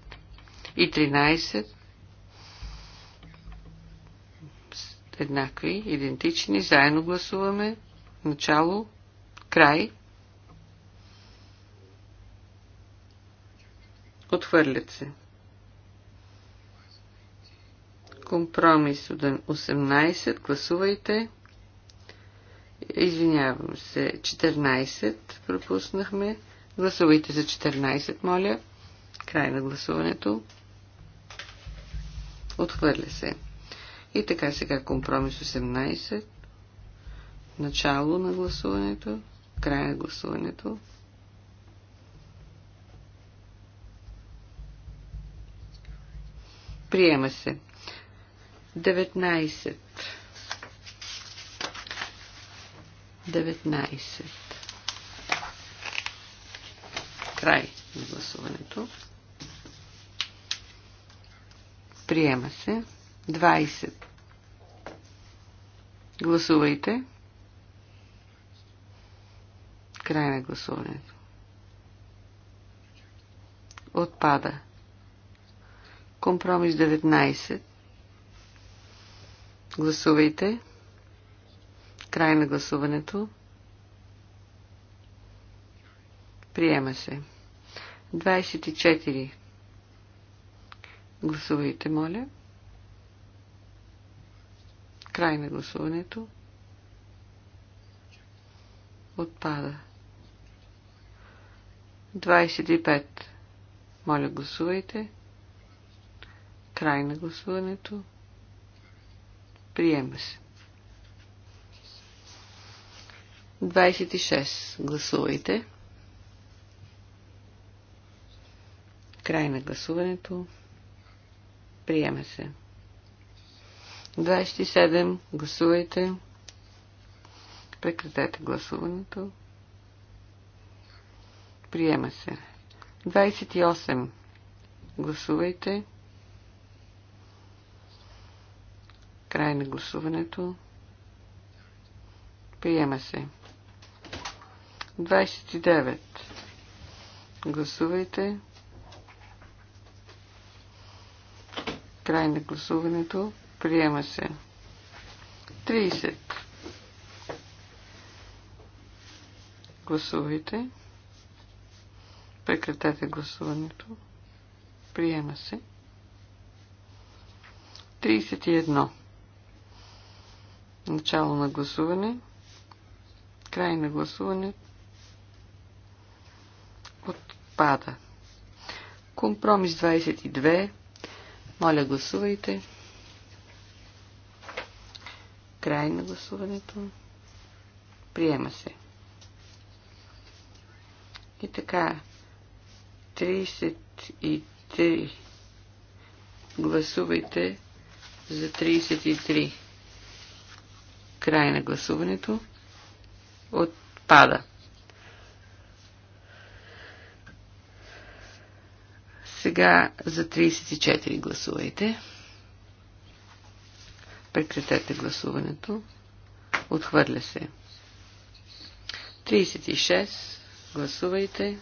и 13. Еднакви, идентични. Заедно гласуваме. Начало. Край. Отхвърлят се. Компромис 18. Гласувайте. Извинявам се, 14 пропуснахме. Гласувайте за 14, моля. Край на гласуването. Отхвърля се. И така сега компромис 18. Начало на гласуването. Край на гласуването. Приема се. 19. 19. Край на гласуването. Приема се. 20. Гласувайте. Край на гласуването. Отпада. Компромис 19. Гласувайте. Край на гласуването. Приема се. 24. Гласувайте, моля. Край на гласуването. Отпада. 25. Моля, гласувайте. Край на гласуването. Приема се. 26. Гласувайте. Край на гласуването. Приема се. 27. Гласувайте. Прекратете гласуването. Приема се. 28. Гласувайте. Край на гласуването. Приема се. 29. Гласувайте. Край на гласуването. Приема се. 30. Гласувайте. Прекратете гласуването. Приема се. 31. Начало на гласуване. Край на гласуването отпада. Компромис 22. Моля, гласувайте. Край на гласуването. Приема се. И така, 33. Гласувайте за 33. Край на гласуването. Отпада. Сега за 34 гласувайте. Прекратете гласуването. Отхвърля се. 36. Гласувайте.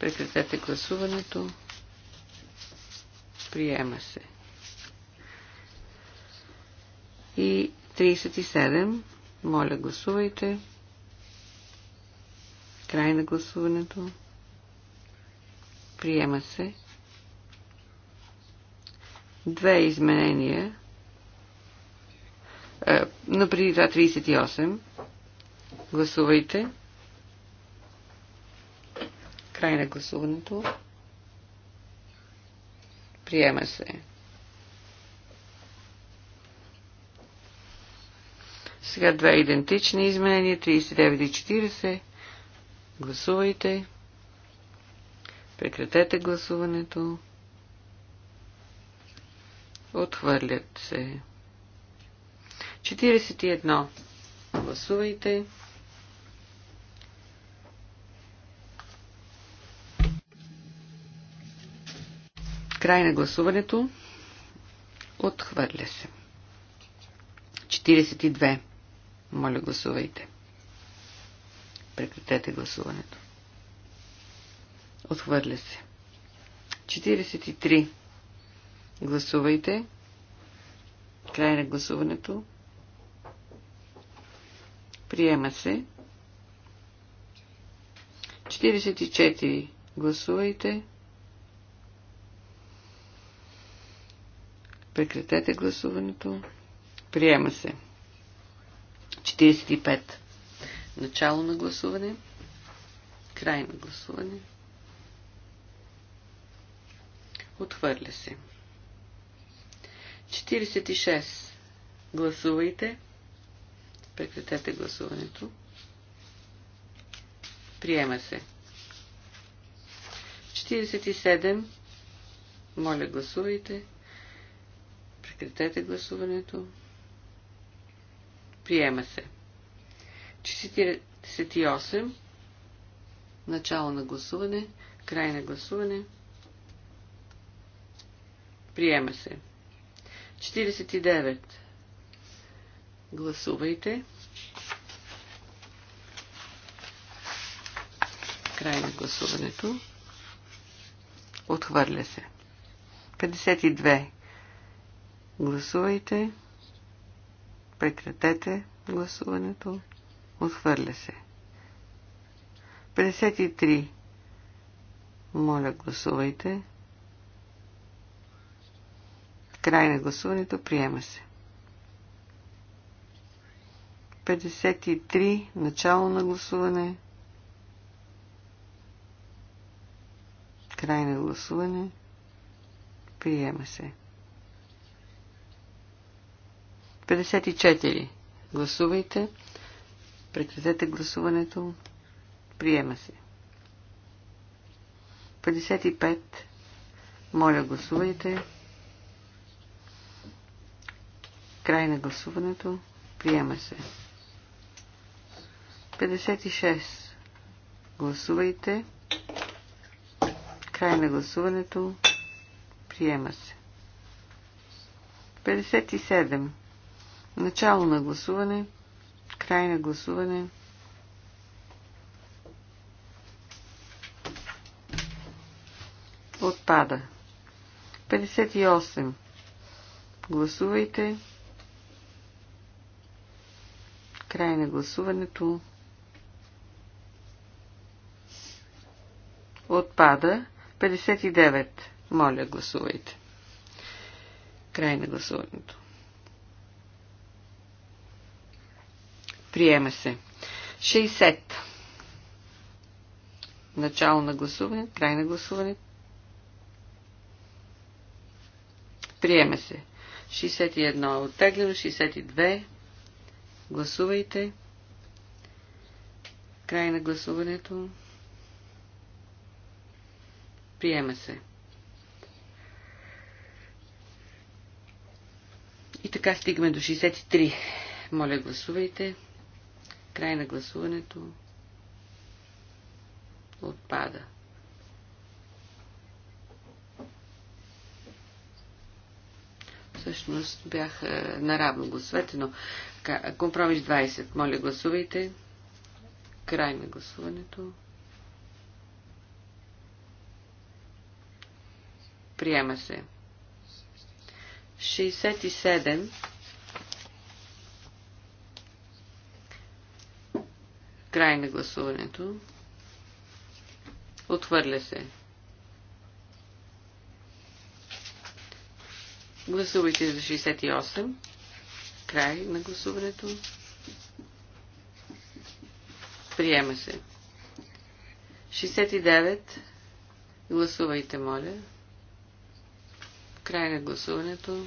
Прекратете гласуването. Приема се. И 37. Моля, гласувайте. Край на гласуването. Приема се. Две изменения. Е, но преди това 38. Гласувайте. Край на гласуването. Приема се. Сега две идентични изменения, 39 и 40. Гласувайте. Прекратете гласуването. Отхвърлят се. 41. Гласувайте. Край на гласуването. Отхвърля се. 42. Моля, гласувайте. Прекратете гласуването. Отхвърля се. 43. Гласувайте. Край на гласуването. Приема се. 44. Гласувайте. Прекратете гласуването. Приема се. 45. Начало на гласуване. Край на гласуване. Отхвърля се. 46. Гласувайте. Прекратете гласуването. Приема се. 47. Моля, гласувайте. Прекратете гласуването. Приема се. 48. Начало на гласуване. Край на гласуване. Приема се. 49. Гласувайте. Край на гласуването. Отхвърля се. 52. Гласувайте. Прекратете гласуването. Отхвърля се. 53. Моля, гласувайте. Край на гласуването. Приема се. 53. Начало на гласуване. Край на гласуване. Приема се. 54. Гласувайте. Прекратете гласуването. Приема се. 55. Моля, гласувайте. Край на гласуването. Приема се. 56. Гласувайте. Край на гласуването. Приема се. 57. Начало на гласуване. Край на гласуване. Отпада. 58. Гласувайте. Край на гласуването. Отпада 59. Моля, гласувайте. Край на гласуването. Приема се. 60. Начало на гласуване, край на гласуване. Приема се. 61 е оттеглено, 62 Гласувайте. Край на гласуването. Приема се. И така стигаме до 63. Моля, гласувайте. Край на гласуването. Отпада. всъщност бях е, наравно гласовете, но компромис 20. Моля, гласувайте. Край на гласуването. Приема се. 67. Край на гласуването. Отвърля се. Гласувайте за 68. Край на гласуването. Приема се. 69. Гласувайте, моля. Край на гласуването.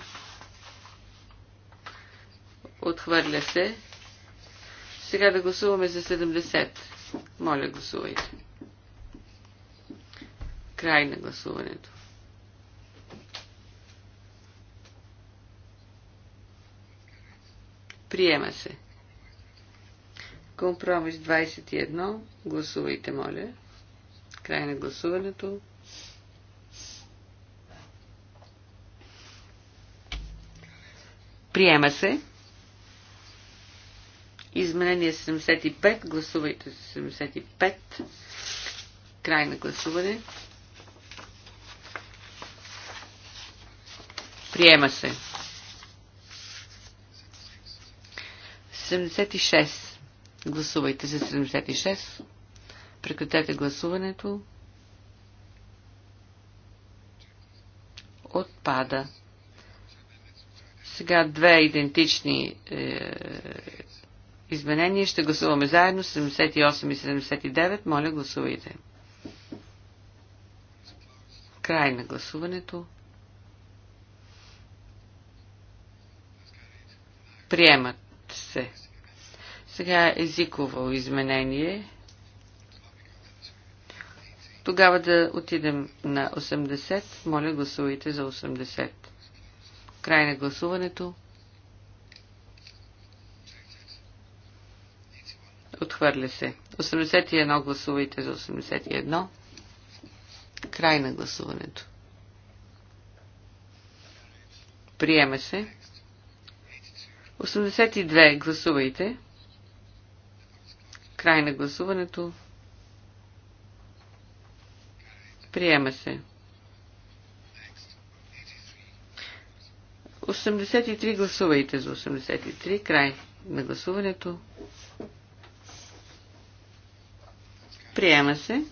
Отхвърля се. Сега да гласуваме за 70. Моля, гласувайте. Край на гласуването. Приема се. Компромис 21. Гласувайте, моля. Край на гласуването. Приема се. Изменение 75. Гласувайте 75. Край на гласуване. Приема се. 76. Гласувайте за 76. Прекратете гласуването. Отпада. Сега две идентични е, изменения. Ще гласуваме заедно 78 и 79. Моля, гласувайте. Край на гласуването. Приемат се. Сега е езиково изменение. Тогава да отидем на 80. Моля, гласувайте за 80. Край на гласуването. Отхвърля се. 81 гласувайте за 81. Край на гласуването. Приема се. 82. Гласувайте. Край на гласуването. Приема се. 83 гласувайте за 83. Край на гласуването. Приема се.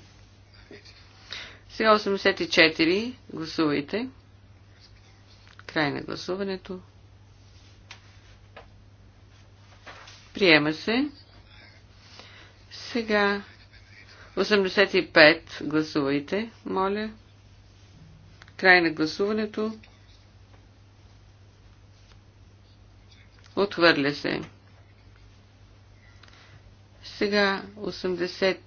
Сега 84. Гласувайте. Край на гласуването. Приема се. Сега 85 гласувайте, моля. Край на гласуването. Отвърля се. Сега 87.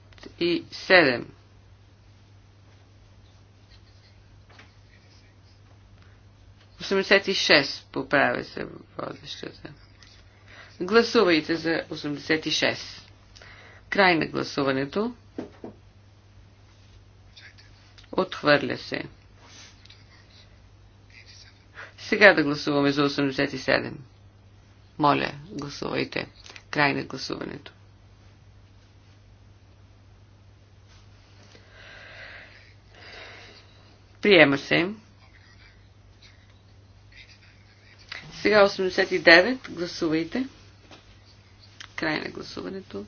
86. поправя се водещата. Гласувайте за 86. Край на гласуването. Отхвърля се. Сега да гласуваме за 87. Моля, гласувайте. Край на гласуването. Приема се. Сега 89. Гласувайте. Край на гласуването.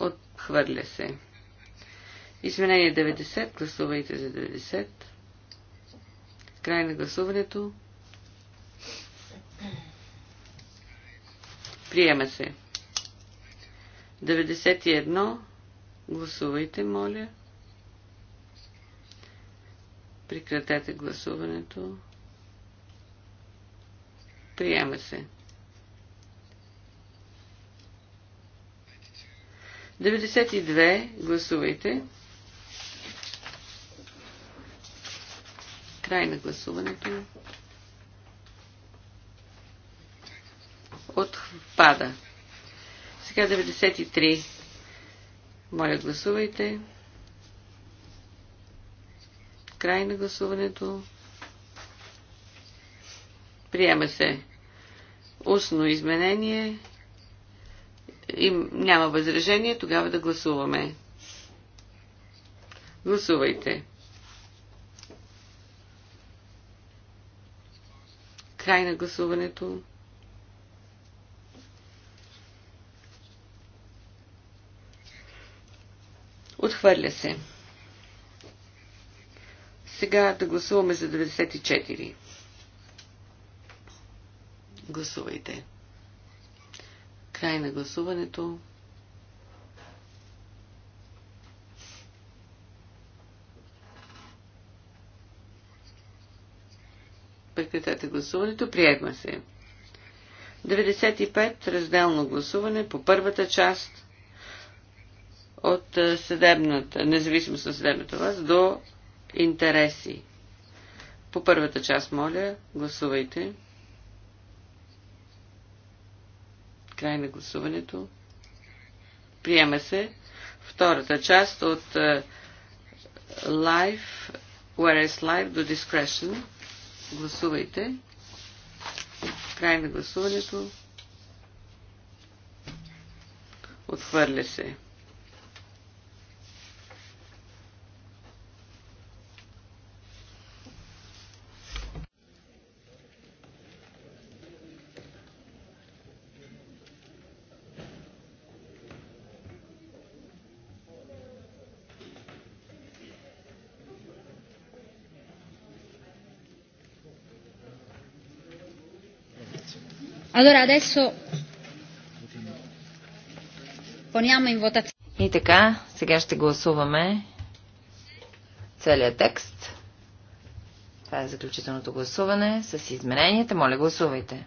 Отхвърля се. Изменение 90. Гласувайте за 90. Край на гласуването. Приема се. 91. Гласувайте, моля. Прекратете гласуването. Приема се. 92. Гласувайте. Край на гласуването. Отпада. Сега 93. Моля, гласувайте. Край на гласуването. Приема се устно изменение. И няма възражение, тогава да гласуваме. Гласувайте. Край на гласуването. Отхвърля се. Сега да гласуваме за 94. Гласувайте. Край на гласуването. Прекратете гласуването. Приема се. 95. Разделно гласуване по първата част от съдебната, независимост на съдебната власт до интереси. По първата част, моля, гласувайте. Край на гласуването. Приема се. Втората част от е, Life, is Life до Discretion. Гласувайте. Край на гласуването. Отхвърля се. Allora adesso poniamo in votazione. И така, сега ще гласуваме целият текст. Това е заключителното гласуване с измененията. Моля, гласувайте.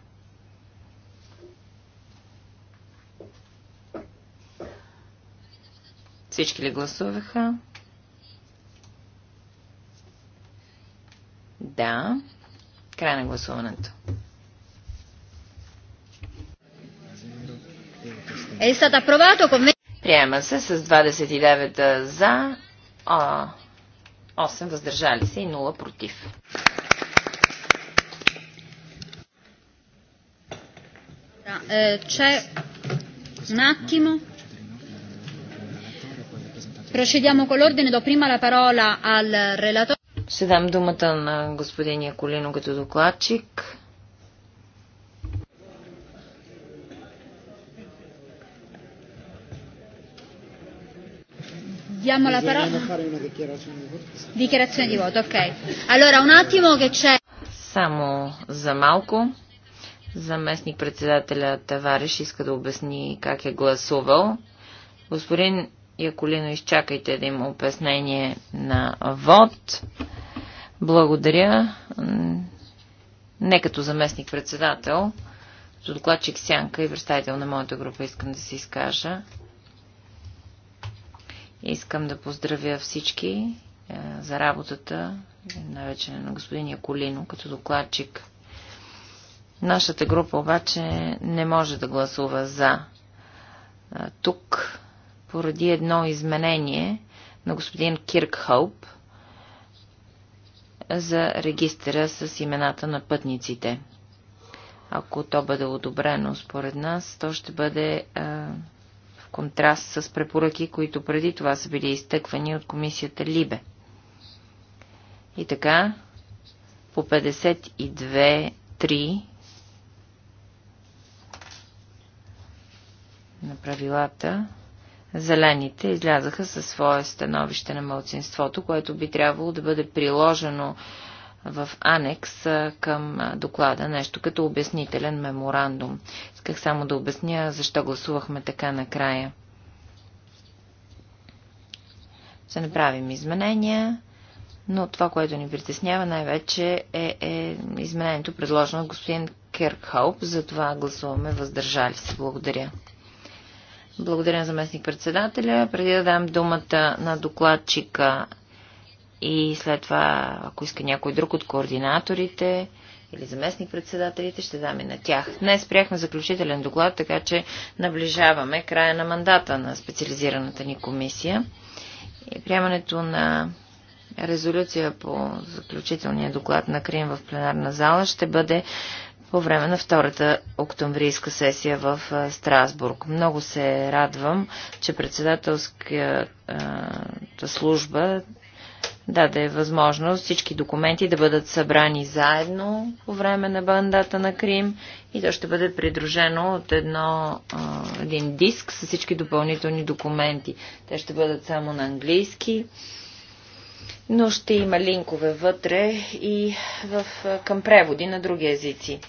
Всички ли гласуваха? Да. Край на гласуването. е стата провато ком... Приема се с 29 за, 8 въздържали се и 0 против. Е, че натимо. Procediamo con l'ordine, do prima la parola al relatore. Se dam думата на господин Яколино като докладчик, diamo la parola. fare una dichiarazione di voto. Dichiarazione di voto, ok. Allora, un attimo che c'è. Само за малко. Заместник председателя Тавариш иска да обясни как е гласувал. Господин Яколино, изчакайте да има обяснение на ВОД. Благодаря. Не като заместник председател, като докладчик Сянка и представител на моята група искам да се изкажа. Искам да поздравя всички е, за работата, най-вече на господин Яколино, като докладчик. Нашата група обаче не може да гласува за. Е, тук, поради едно изменение на господин Кирк Хоуп за регистъра с имената на пътниците. Ако то бъде одобрено според нас, то ще бъде е, контраст с препоръки, които преди това са били изтъквани от комисията Либе. И така, по 52.3 на правилата, Зелените излязаха със свое становище на мълцинството, което би трябвало да бъде приложено в анекс към доклада, нещо като обяснителен меморандум. Исках само да обясня защо гласувахме така накрая. Ще направим изменения, но това, което ни притеснява най-вече е, е изменението предложено от господин Киркхоуп, за това гласуваме въздържали се. Благодаря. Благодаря на заместник председателя. Преди да дам думата на докладчика и след това, ако иска някой друг от координаторите или заместник-председателите, ще даме на тях. Днес приехме заключителен доклад, така че наближаваме края на мандата на специализираната ни комисия. И приемането на резолюция по заключителния доклад на Крим в пленарна зала ще бъде по време на втората октомврийска сесия в Страсбург. Много се радвам, че председателската служба даде възможност всички документи да бъдат събрани заедно по време на бандата на Крим и то ще бъде придружено от едно, един диск с всички допълнителни документи. Те ще бъдат само на английски, но ще има линкове вътре и в, към преводи на други езици.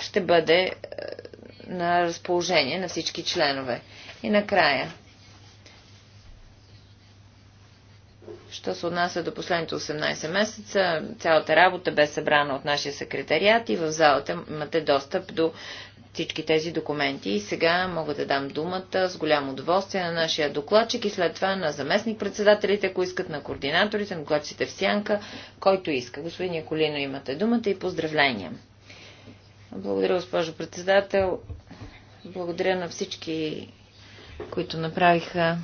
Ще бъде на разположение на всички членове. И накрая, Що се отнася до последните 18 месеца, цялата работа бе събрана от нашия секретариат и в залата имате достъп до всички тези документи. И сега мога да дам думата с голямо удоволствие на нашия докладчик и след това на заместник-председателите, ако искат, на координаторите, на докладчите в сянка, който иска. Господин Яколино, имате думата и поздравления. Благодаря, госпожо председател. Благодаря на всички, които направиха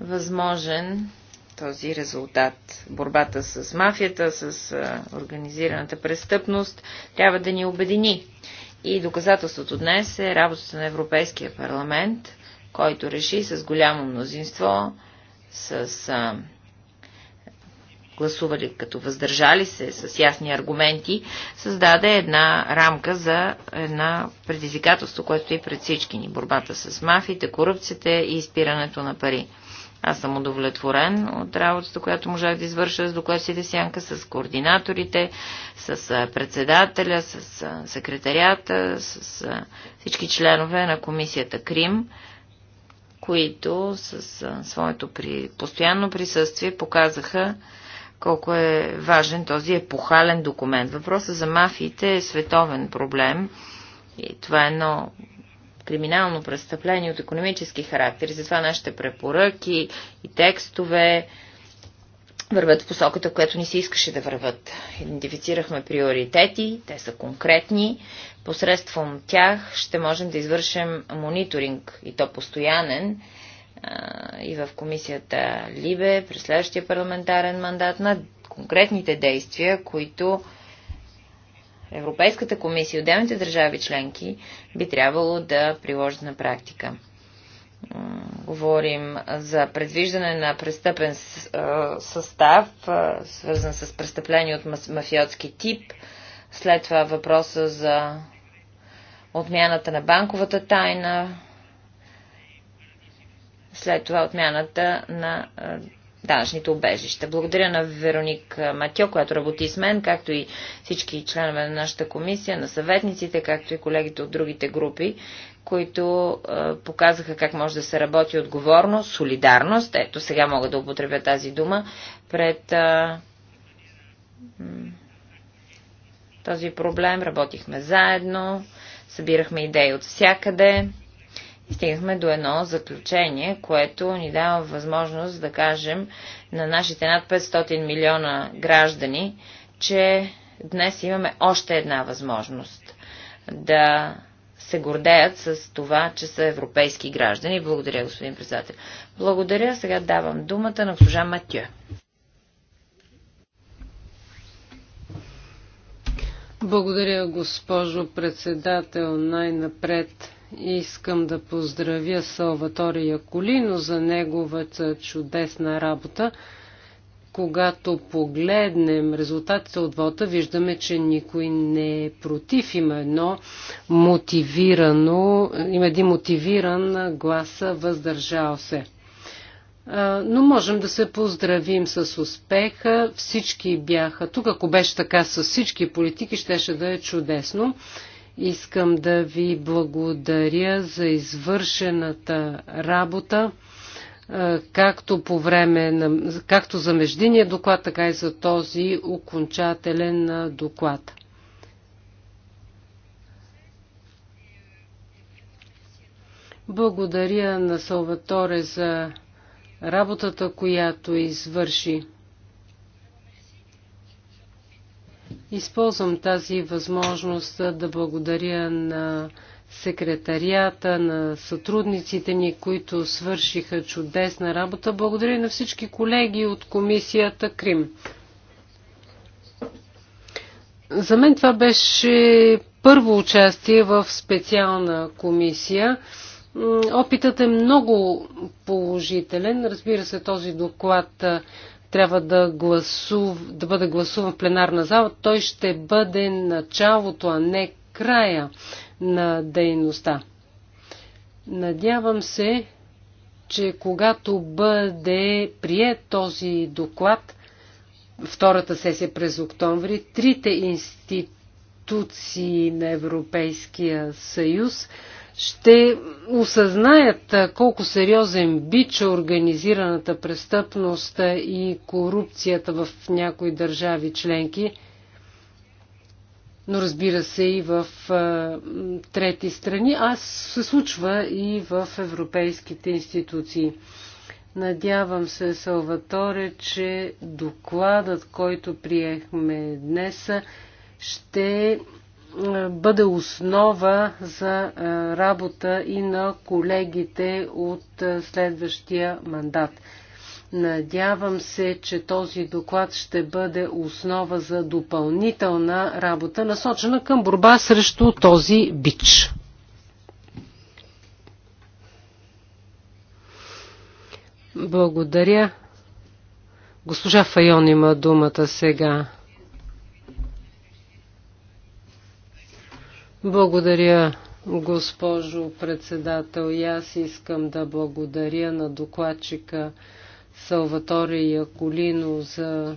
възможен този резултат. Борбата с мафията, с организираната престъпност трябва да ни обедини. И доказателството днес е работата на Европейския парламент, който реши с голямо мнозинство, с а, гласували като въздържали се, с ясни аргументи, създаде една рамка за една предизвикателство, което е и пред всички ни. Борбата с мафиите, корупцията и изпирането на пари. Аз съм удовлетворен от работата, която можах да извърша с докладчите сянка, с координаторите, с председателя, с секретарията, с всички членове на комисията Крим, които с своето при... постоянно присъствие показаха колко е важен този епохален документ. Въпросът за мафиите е световен проблем и това е едно криминално престъпление от економически характер. Затова нашите препоръки и текстове върват в посоката, която ни се искаше да върват. Идентифицирахме приоритети, те са конкретни. Посредством тях ще можем да извършим мониторинг и то постоянен и в комисията Либе през следващия парламентарен мандат на конкретните действия, които Европейската комисия и отделните държави членки би трябвало да приложат на практика. Говорим за предвиждане на престъпен състав, свързан с престъпление от мафиотски тип. След това въпроса за отмяната на банковата тайна, след това отмяната на данъчните убежища. Благодаря на Вероник Матьо, която работи с мен, както и всички членове на нашата комисия, на съветниците, както и колегите от другите групи, които е, показаха как може да се работи отговорно, солидарност, ето сега мога да употребя тази дума, пред е, този проблем. Работихме заедно, събирахме идеи от всякъде. Стигнахме до едно заключение, което ни дава възможност да кажем на нашите над 500 милиона граждани, че днес имаме още една възможност да се гордеят с това, че са европейски граждани. Благодаря, господин председател. Благодаря. Сега давам думата на госпожа Матю. Благодаря, госпожо председател. Най-напред Искам да поздравя Салватори Яколино за неговата чудесна работа. Когато погледнем резултатите от вота, виждаме, че никой не е против. Има едно мотивирано, има един мотивиран глас, въздържал се но можем да се поздравим с успеха. Всички бяха тук. Ако беше така с всички политики, щеше да е чудесно. Искам да ви благодаря за извършената работа, както, по време на, както за междиния доклад, така и за този окончателен доклад. Благодаря на Салваторе за работата, която извърши. Използвам тази възможност да благодаря на секретарията, на сътрудниците ни, които свършиха чудесна работа. Благодаря и на всички колеги от комисията Крим. За мен това беше първо участие в специална комисия. Опитът е много положителен. Разбира се, този доклад трябва да, гласув, да бъде гласуван в пленарна зала, той ще бъде началото, а не края на дейността. Надявам се, че когато бъде прият този доклад, втората сесия през октомври, трите институции на Европейския съюз ще осъзнаят колко сериозен бич е организираната престъпност и корупцията в някои държави членки, но разбира се и в трети страни, а се случва и в европейските институции. Надявам се, Салваторе, че докладът, който приехме днес, ще бъде основа за работа и на колегите от следващия мандат. Надявам се, че този доклад ще бъде основа за допълнителна работа, насочена към борба срещу този бич. Благодаря. Госпожа Файон има думата сега. Благодаря, госпожо председател. И аз искам да благодаря на докладчика Салваторе Яколино за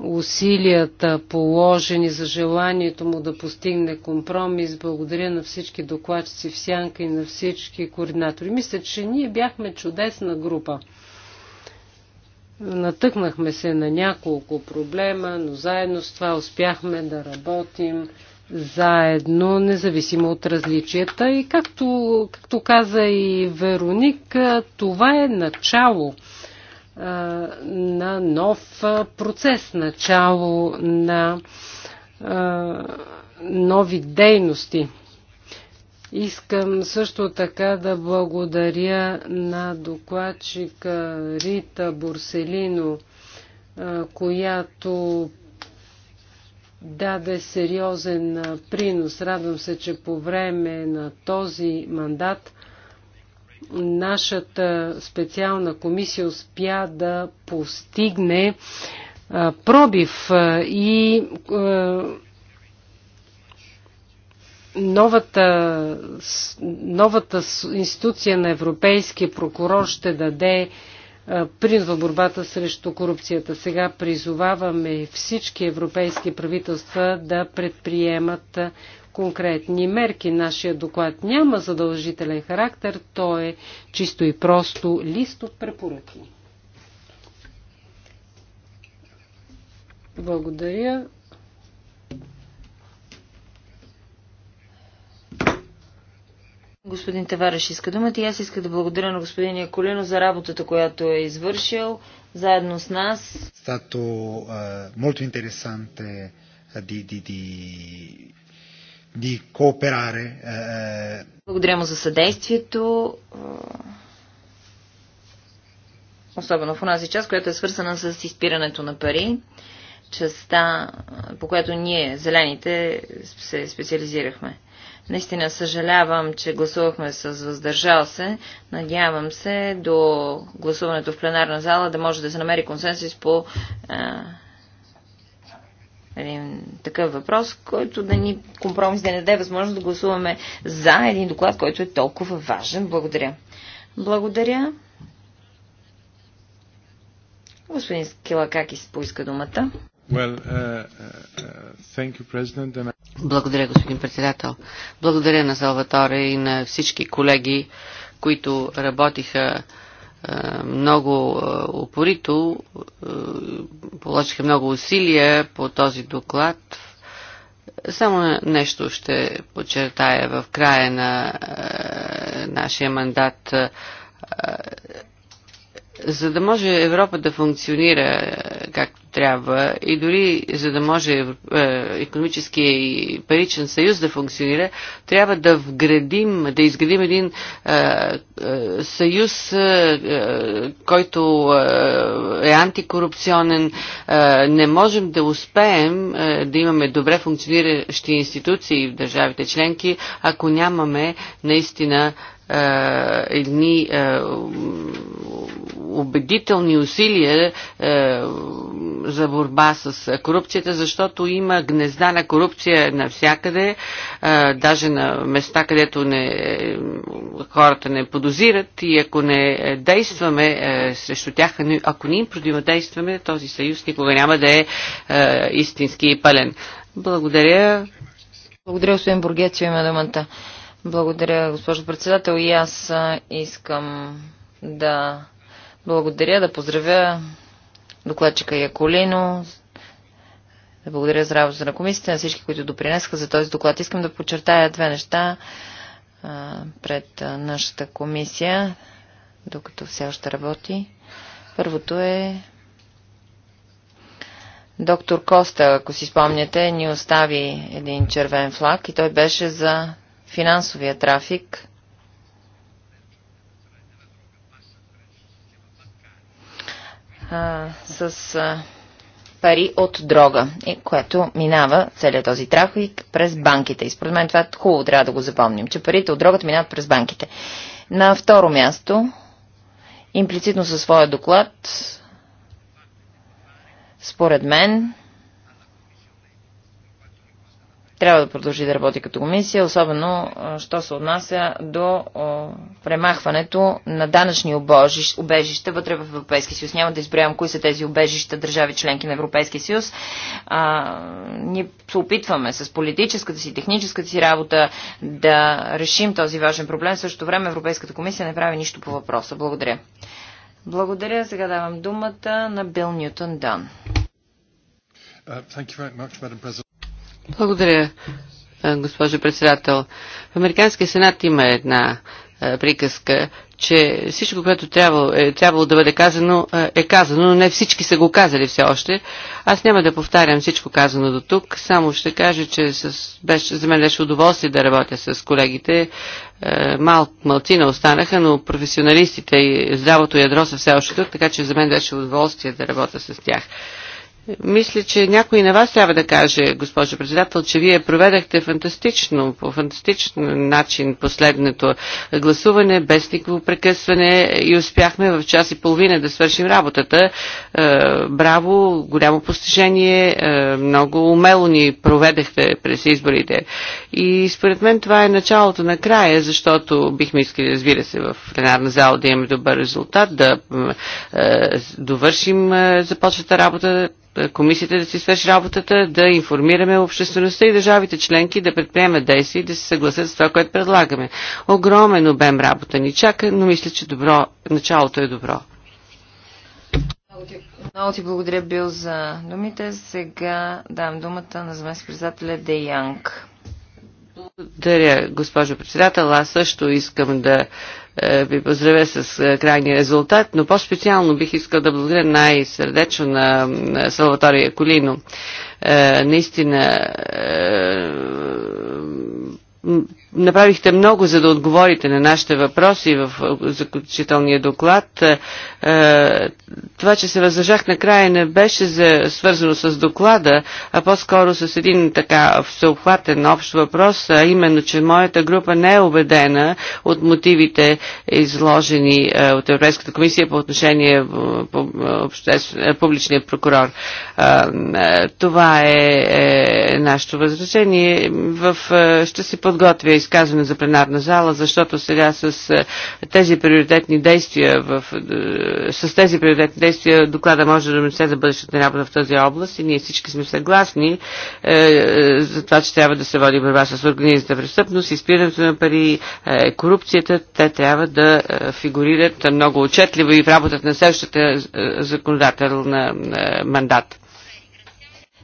усилията положени, за желанието му да постигне компромис. Благодаря на всички докладчици в Сянка и на всички координатори. Мисля, че ние бяхме чудесна група. Натъкнахме се на няколко проблема, но заедно с това успяхме да работим заедно, независимо от различията. И както, както каза и Вероник, това е начало на нов процес, начало на нови дейности. Искам също така да благодаря на докладчика Рита Борселино, която даде сериозен принос. Радвам се, че по време на този мандат нашата специална комисия успя да постигне пробив и новата, новата институция на европейския прокурор ще даде принос в борбата срещу корупцията. Сега призоваваме всички европейски правителства да предприемат конкретни мерки. Нашия доклад няма задължителен характер, то е чисто и просто лист от препоръки. Благодаря. Господин Тавареш иска думата и аз иска да благодаря на господин Яколино за работата, която е извършил заедно с нас. Стато много интересант di, di, Благодаря му за съдействието, особено в тази част, която е свързана с изпирането на пари частта, по която ние, зелените, се специализирахме. Наистина съжалявам, че гласувахме с въздържал се. Надявам се до гласуването в пленарна зала да може да се намери консенсус по а, един такъв въпрос, който да ни компромис да не даде възможност да гласуваме за един доклад, който е толкова важен. Благодаря. Благодаря. Господин Скилакакис поиска думата. Uh, uh, uh, Благодаря, господин председател. Благодаря на Салватора и на всички колеги, които работиха е, много е, упорито, е, положиха много усилия по този доклад. Само нещо ще подчертая в края на нашия мандат за да може Европа да функционира е, както трябва и дори за да може е, економическия и паричен съюз да функционира, трябва да вградим, да изградим един е, съюз, който е антикорупционен. Не можем да успеем да имаме добре функциониращи институции в държавите членки, ако нямаме наистина е, едни е, убедителни усилия е, за борба с корупцията, защото има гнезда на корупция навсякъде, е, даже на места, където не, хората не подозират и ако не действаме е, срещу тях, ако не им противодействаме, този съюз никога няма да е, е истински и пълен. Благодаря. Благодаря, господин Бургет, че има благодаря, госпожо председател. И аз искам да благодаря, да поздравя докладчика Яколино, да благодаря за работа на комисията, на всички, които допринесха за този доклад. Искам да подчертая две неща пред нашата комисия, докато все още работи. Първото е доктор Коста, ако си спомняте, ни остави един червен флаг и той беше за финансовия трафик а, с а, пари от дрога, което минава целият този трафик през банките. И според мен това е хубаво трябва да го запомним, че парите от дрогата минават през банките. На второ място, имплицитно със своя доклад, според мен, трябва да продължи да работи като комисия, особено що се отнася до премахването на данъчни обежища вътре в Европейския съюз. Няма да изброявам кои са тези обежища държави членки на Европейския съюз. А, ние се опитваме с политическата си, техническата си работа да решим този важен проблем. В същото време Европейската комисия не прави нищо по въпроса. Благодаря. Благодаря. Сега давам думата на Бил Ньютон Дан. Uh, благодаря, госпожо председател. В Американския сенат има една приказка, че всичко, което трябвало, е трябвало да бъде казано, е казано, но не всички са го казали все още. Аз няма да повтарям всичко казано до тук, само ще кажа, че с, беше, за мен беше удоволствие да работя с колегите. Мал, малцина останаха, но професионалистите и здравото ядро са все още тук, така че за мен беше удоволствие да работя с тях. Мисля, че някой на вас трябва да каже, госпожо председател, че вие проведахте фантастично, по фантастичен начин последното гласуване, без никакво прекъсване и успяхме в час и половина да свършим работата. Е, браво, голямо постижение, е, много умело ни проведахте през изборите. И според мен това е началото на края, защото бихме искали, разбира се, в пленарна зала да имаме добър резултат, да е, довършим започвата работа е, комисията да си свърши работата, да информираме обществеността и държавите членки да предприемат действия и да се съгласят с това, което предлагаме. Огромен обем работа ни чака, но мисля, че добро, началото е добро. Много ти благодаря, Бил, за думите. Сега давам думата на заместник-председателя Де Янг. Благодаря, госпожо председател. Аз също искам да ви поздравя с е, крайния резултат, но по-специално бих искал да благодаря най-сърдечно на Салватория Колино. Е, наистина е, направихте много, за да отговорите на нашите въпроси в заключителния доклад. Е, е, това, че се въздържах накрая, не беше за, свързано с доклада, а по-скоро с един така всеобхватен общ въпрос, а именно, че моята група не е убедена от мотивите изложени е, от Европейската комисия по отношение публичния прокурор. Това е нашето възражение. В, ще си подготвя подготвя изказване за пленарна зала, защото сега с е, тези приоритетни действия, в, е, с тези приоритетни действия доклада може да се за бъдещата работа в тази област и ние всички сме съгласни е, е за това, че трябва да се води борба с организата престъпност, изпирането на пари, е, корупцията, те трябва да фигурират много отчетливо и в работата на следващата законодателна мандат.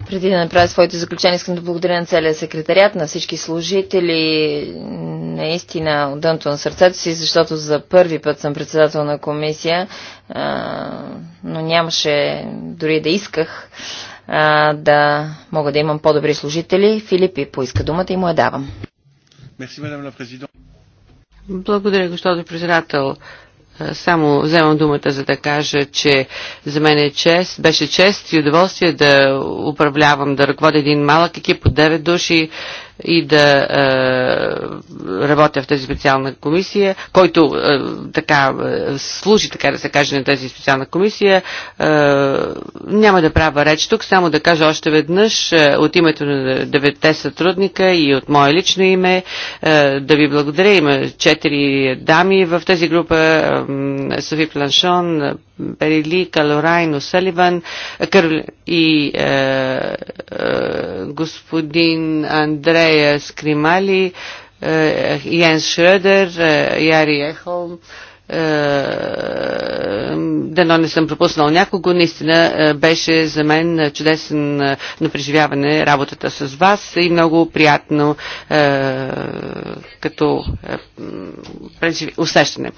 Преди да направя своите заключения, искам да благодаря на целия секретарят, на всички служители, наистина от дънто на сърцето си, защото за първи път съм председател на комисия, но нямаше, дори да исках, да мога да имам по-добри служители. Филипи поиска думата и му я давам. Благодаря, господин председател. Е, само вземам думата за да кажа, че за мен е чест, беше чест и удоволствие да управлявам, да ръководя един малък екип от 9 души и да е, работя в тази специална комисия, който е, така е, служи, така да се каже, на тази специална комисия. Е, няма да правя реч тук, само да кажа още веднъж е, от името на девете сътрудника и от мое лично име е, да ви благодаря. Има четири дами в тази група. Е, Софи Планшон, Берели, Калорайн, Оселиван и господин Андрея Скримали, е, Йенс Шредер, Яри Ехолм. дено дано не съм пропуснал някого. Наистина eh, беше за мен чудесен eh, на преживяване работата с вас и много приятно eh, като усещане.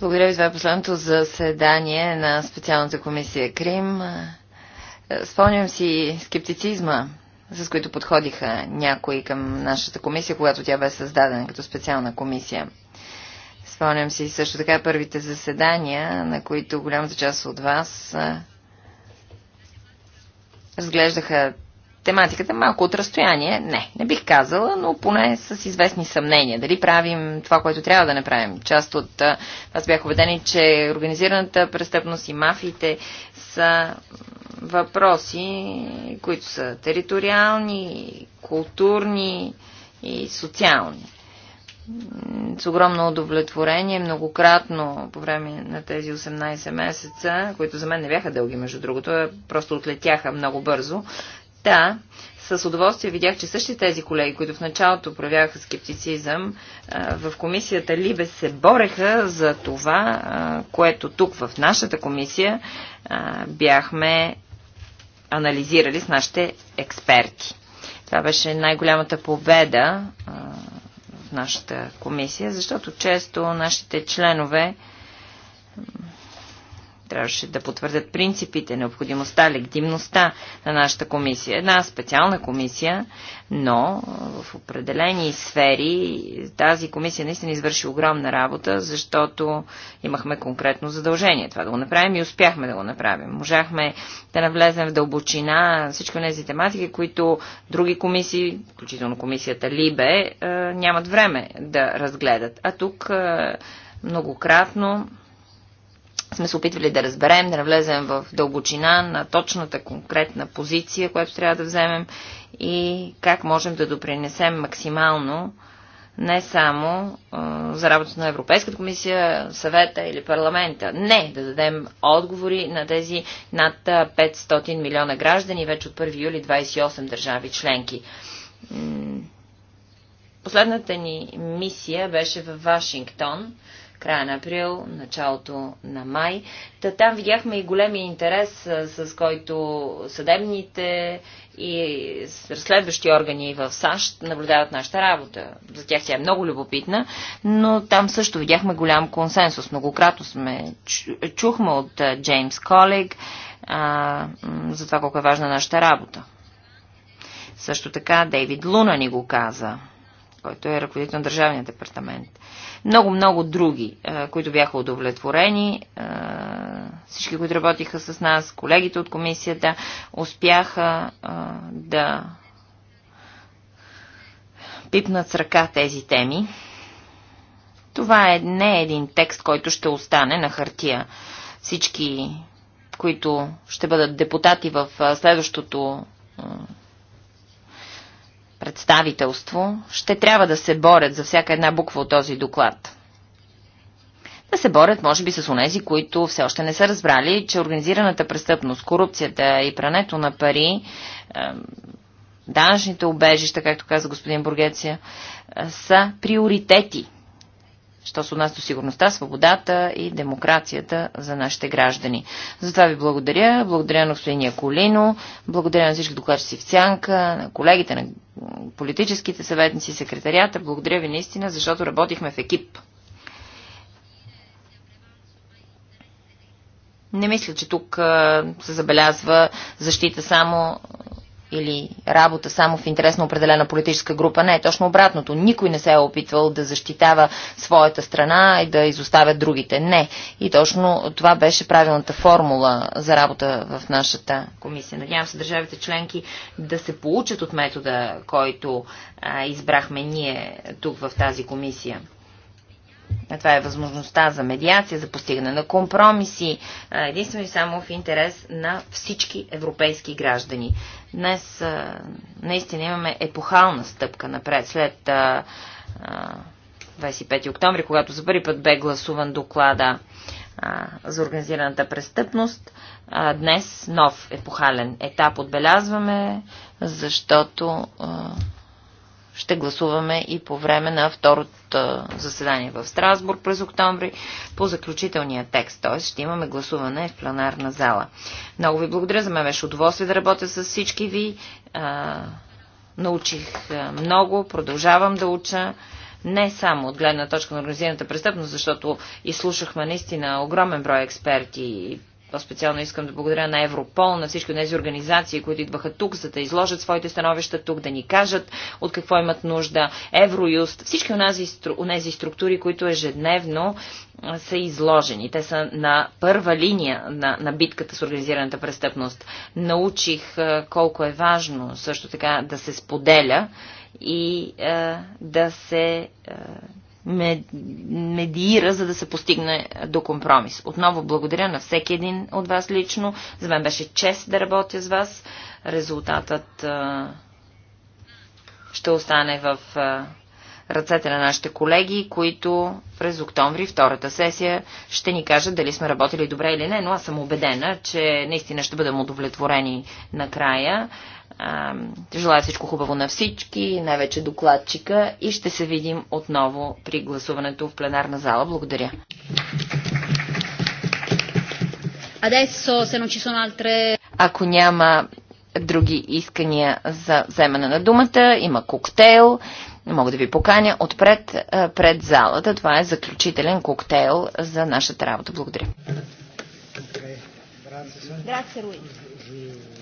Благодаря ви за последното заседание на специалната комисия Крим. Спомням си скептицизма, с които подходиха някои към нашата комисия, когато тя бе създадена като специална комисия. Спомням си също така първите заседания, на които голямата част от вас разглеждаха тематиката малко от разстояние, не, не бих казала, но поне с известни съмнения. Дали правим това, което трябва да направим. Част от аз бях убедени, че организираната престъпност и мафиите са въпроси, които са териториални, културни и социални. С огромно удовлетворение, многократно по време на тези 18 месеца, които за мен не бяха дълги, между другото, просто отлетяха много бързо, да, с удоволствие видях, че същите тези колеги, които в началото проявяваха скептицизъм, в комисията Либе се бореха за това, което тук в нашата комисия бяхме анализирали с нашите експерти. Това беше най-голямата победа в нашата комисия, защото често нашите членове трябваше да потвърдят принципите, необходимостта, легитимността на нашата комисия. Една специална комисия, но в определени сфери тази комисия наистина извърши огромна работа, защото имахме конкретно задължение това да го направим и успяхме да го направим. Можахме да навлезем в дълбочина всички тези тематики, които други комисии, включително комисията Либе, е, нямат време да разгледат. А тук е, многократно сме се опитвали да разберем, да навлезем в дълбочина на точната конкретна позиция, която трябва да вземем и как можем да допринесем максимално не само а, за работата на Европейската комисия, съвета или парламента. Не, да дадем отговори на тези над 500 милиона граждани, вече от 1 юли 28 държави членки. Последната ни мисия беше в Вашингтон края на април, началото на май. Та там видяхме и големия интерес, с който съдебните и разследващи органи в САЩ наблюдават нашата работа. За тях тя е много любопитна, но там също видяхме голям консенсус. Многократно сме чухме от Джеймс Колег а, за това колко е важна нашата работа. Също така Дейвид Луна ни го каза – който е ръководител на Държавния департамент. Много-много други, които бяха удовлетворени, всички, които работиха с нас, колегите от комисията, успяха да пипнат с ръка тези теми. Това е не е един текст, който ще остане на хартия. Всички, които ще бъдат депутати в следващото представителство, ще трябва да се борят за всяка една буква от този доклад. Да се борят, може би, с онези, които все още не са разбрали, че организираната престъпност, корупцията и прането на пари, данъчните обежища, както каза господин Бургеция, е, са приоритети що се отнася до сигурността, свободата и демокрацията за нашите граждани. Затова ви благодаря. Благодаря на господин Колино, благодаря на всички докладчици в Цянка, на колегите, на политическите съветници, секретарията. Благодаря ви наистина, защото работихме в екип. Не мисля, че тук се забелязва защита само или работа само в интерес на определена политическа група. Не, точно обратното. Никой не се е опитвал да защитава своята страна и да изоставя другите. Не. И точно това беше правилната формула за работа в нашата комисия. Надявам се държавите членки да се получат от метода, който а, избрахме ние тук в тази комисия. Това е възможността за медиация, за постигане на компромиси, единствено и само в интерес на всички европейски граждани. Днес наистина имаме епохална стъпка напред. След 25 октомври, когато за първи път бе гласуван доклада за организираната престъпност, днес нов епохален етап отбелязваме, защото ще гласуваме и по време на второто заседание в Страсбург през октомври по заключителния текст. Т.е. ще имаме гласуване в пленарна зала. Много ви благодаря. За мен беше удоволствие да работя с всички ви. А, научих много, продължавам да уча. Не само от гледна точка на организираната престъпност, защото изслушахме наистина огромен брой експерти по-специално искам да благодаря на Европол, на всички от тези организации, които идваха тук, за да изложат своите становища тук, да ни кажат от какво имат нужда. Евроюст, всички от тези структури, които ежедневно са изложени. Те са на първа линия на, на битката с организираната престъпност. Научих колко е важно също така да се споделя и е, да се е, медиира, за да се постигне до компромис. Отново благодаря на всеки един от вас лично. За мен беше чест да работя с вас. Резултатът ще остане в ръцете на нашите колеги, които през октомври, втората сесия, ще ни кажат дали сме работили добре или не, но аз съм убедена, че наистина ще бъдем удовлетворени накрая. А, желая всичко хубаво на всички, най-вече докладчика и ще се видим отново при гласуването в пленарна зала. Благодаря. Ако няма други искания за вземане на думата, има коктейл. Мога да ви поканя отпред пред залата. Това е заключителен коктейл за нашата работа. Благодаря. Grazie,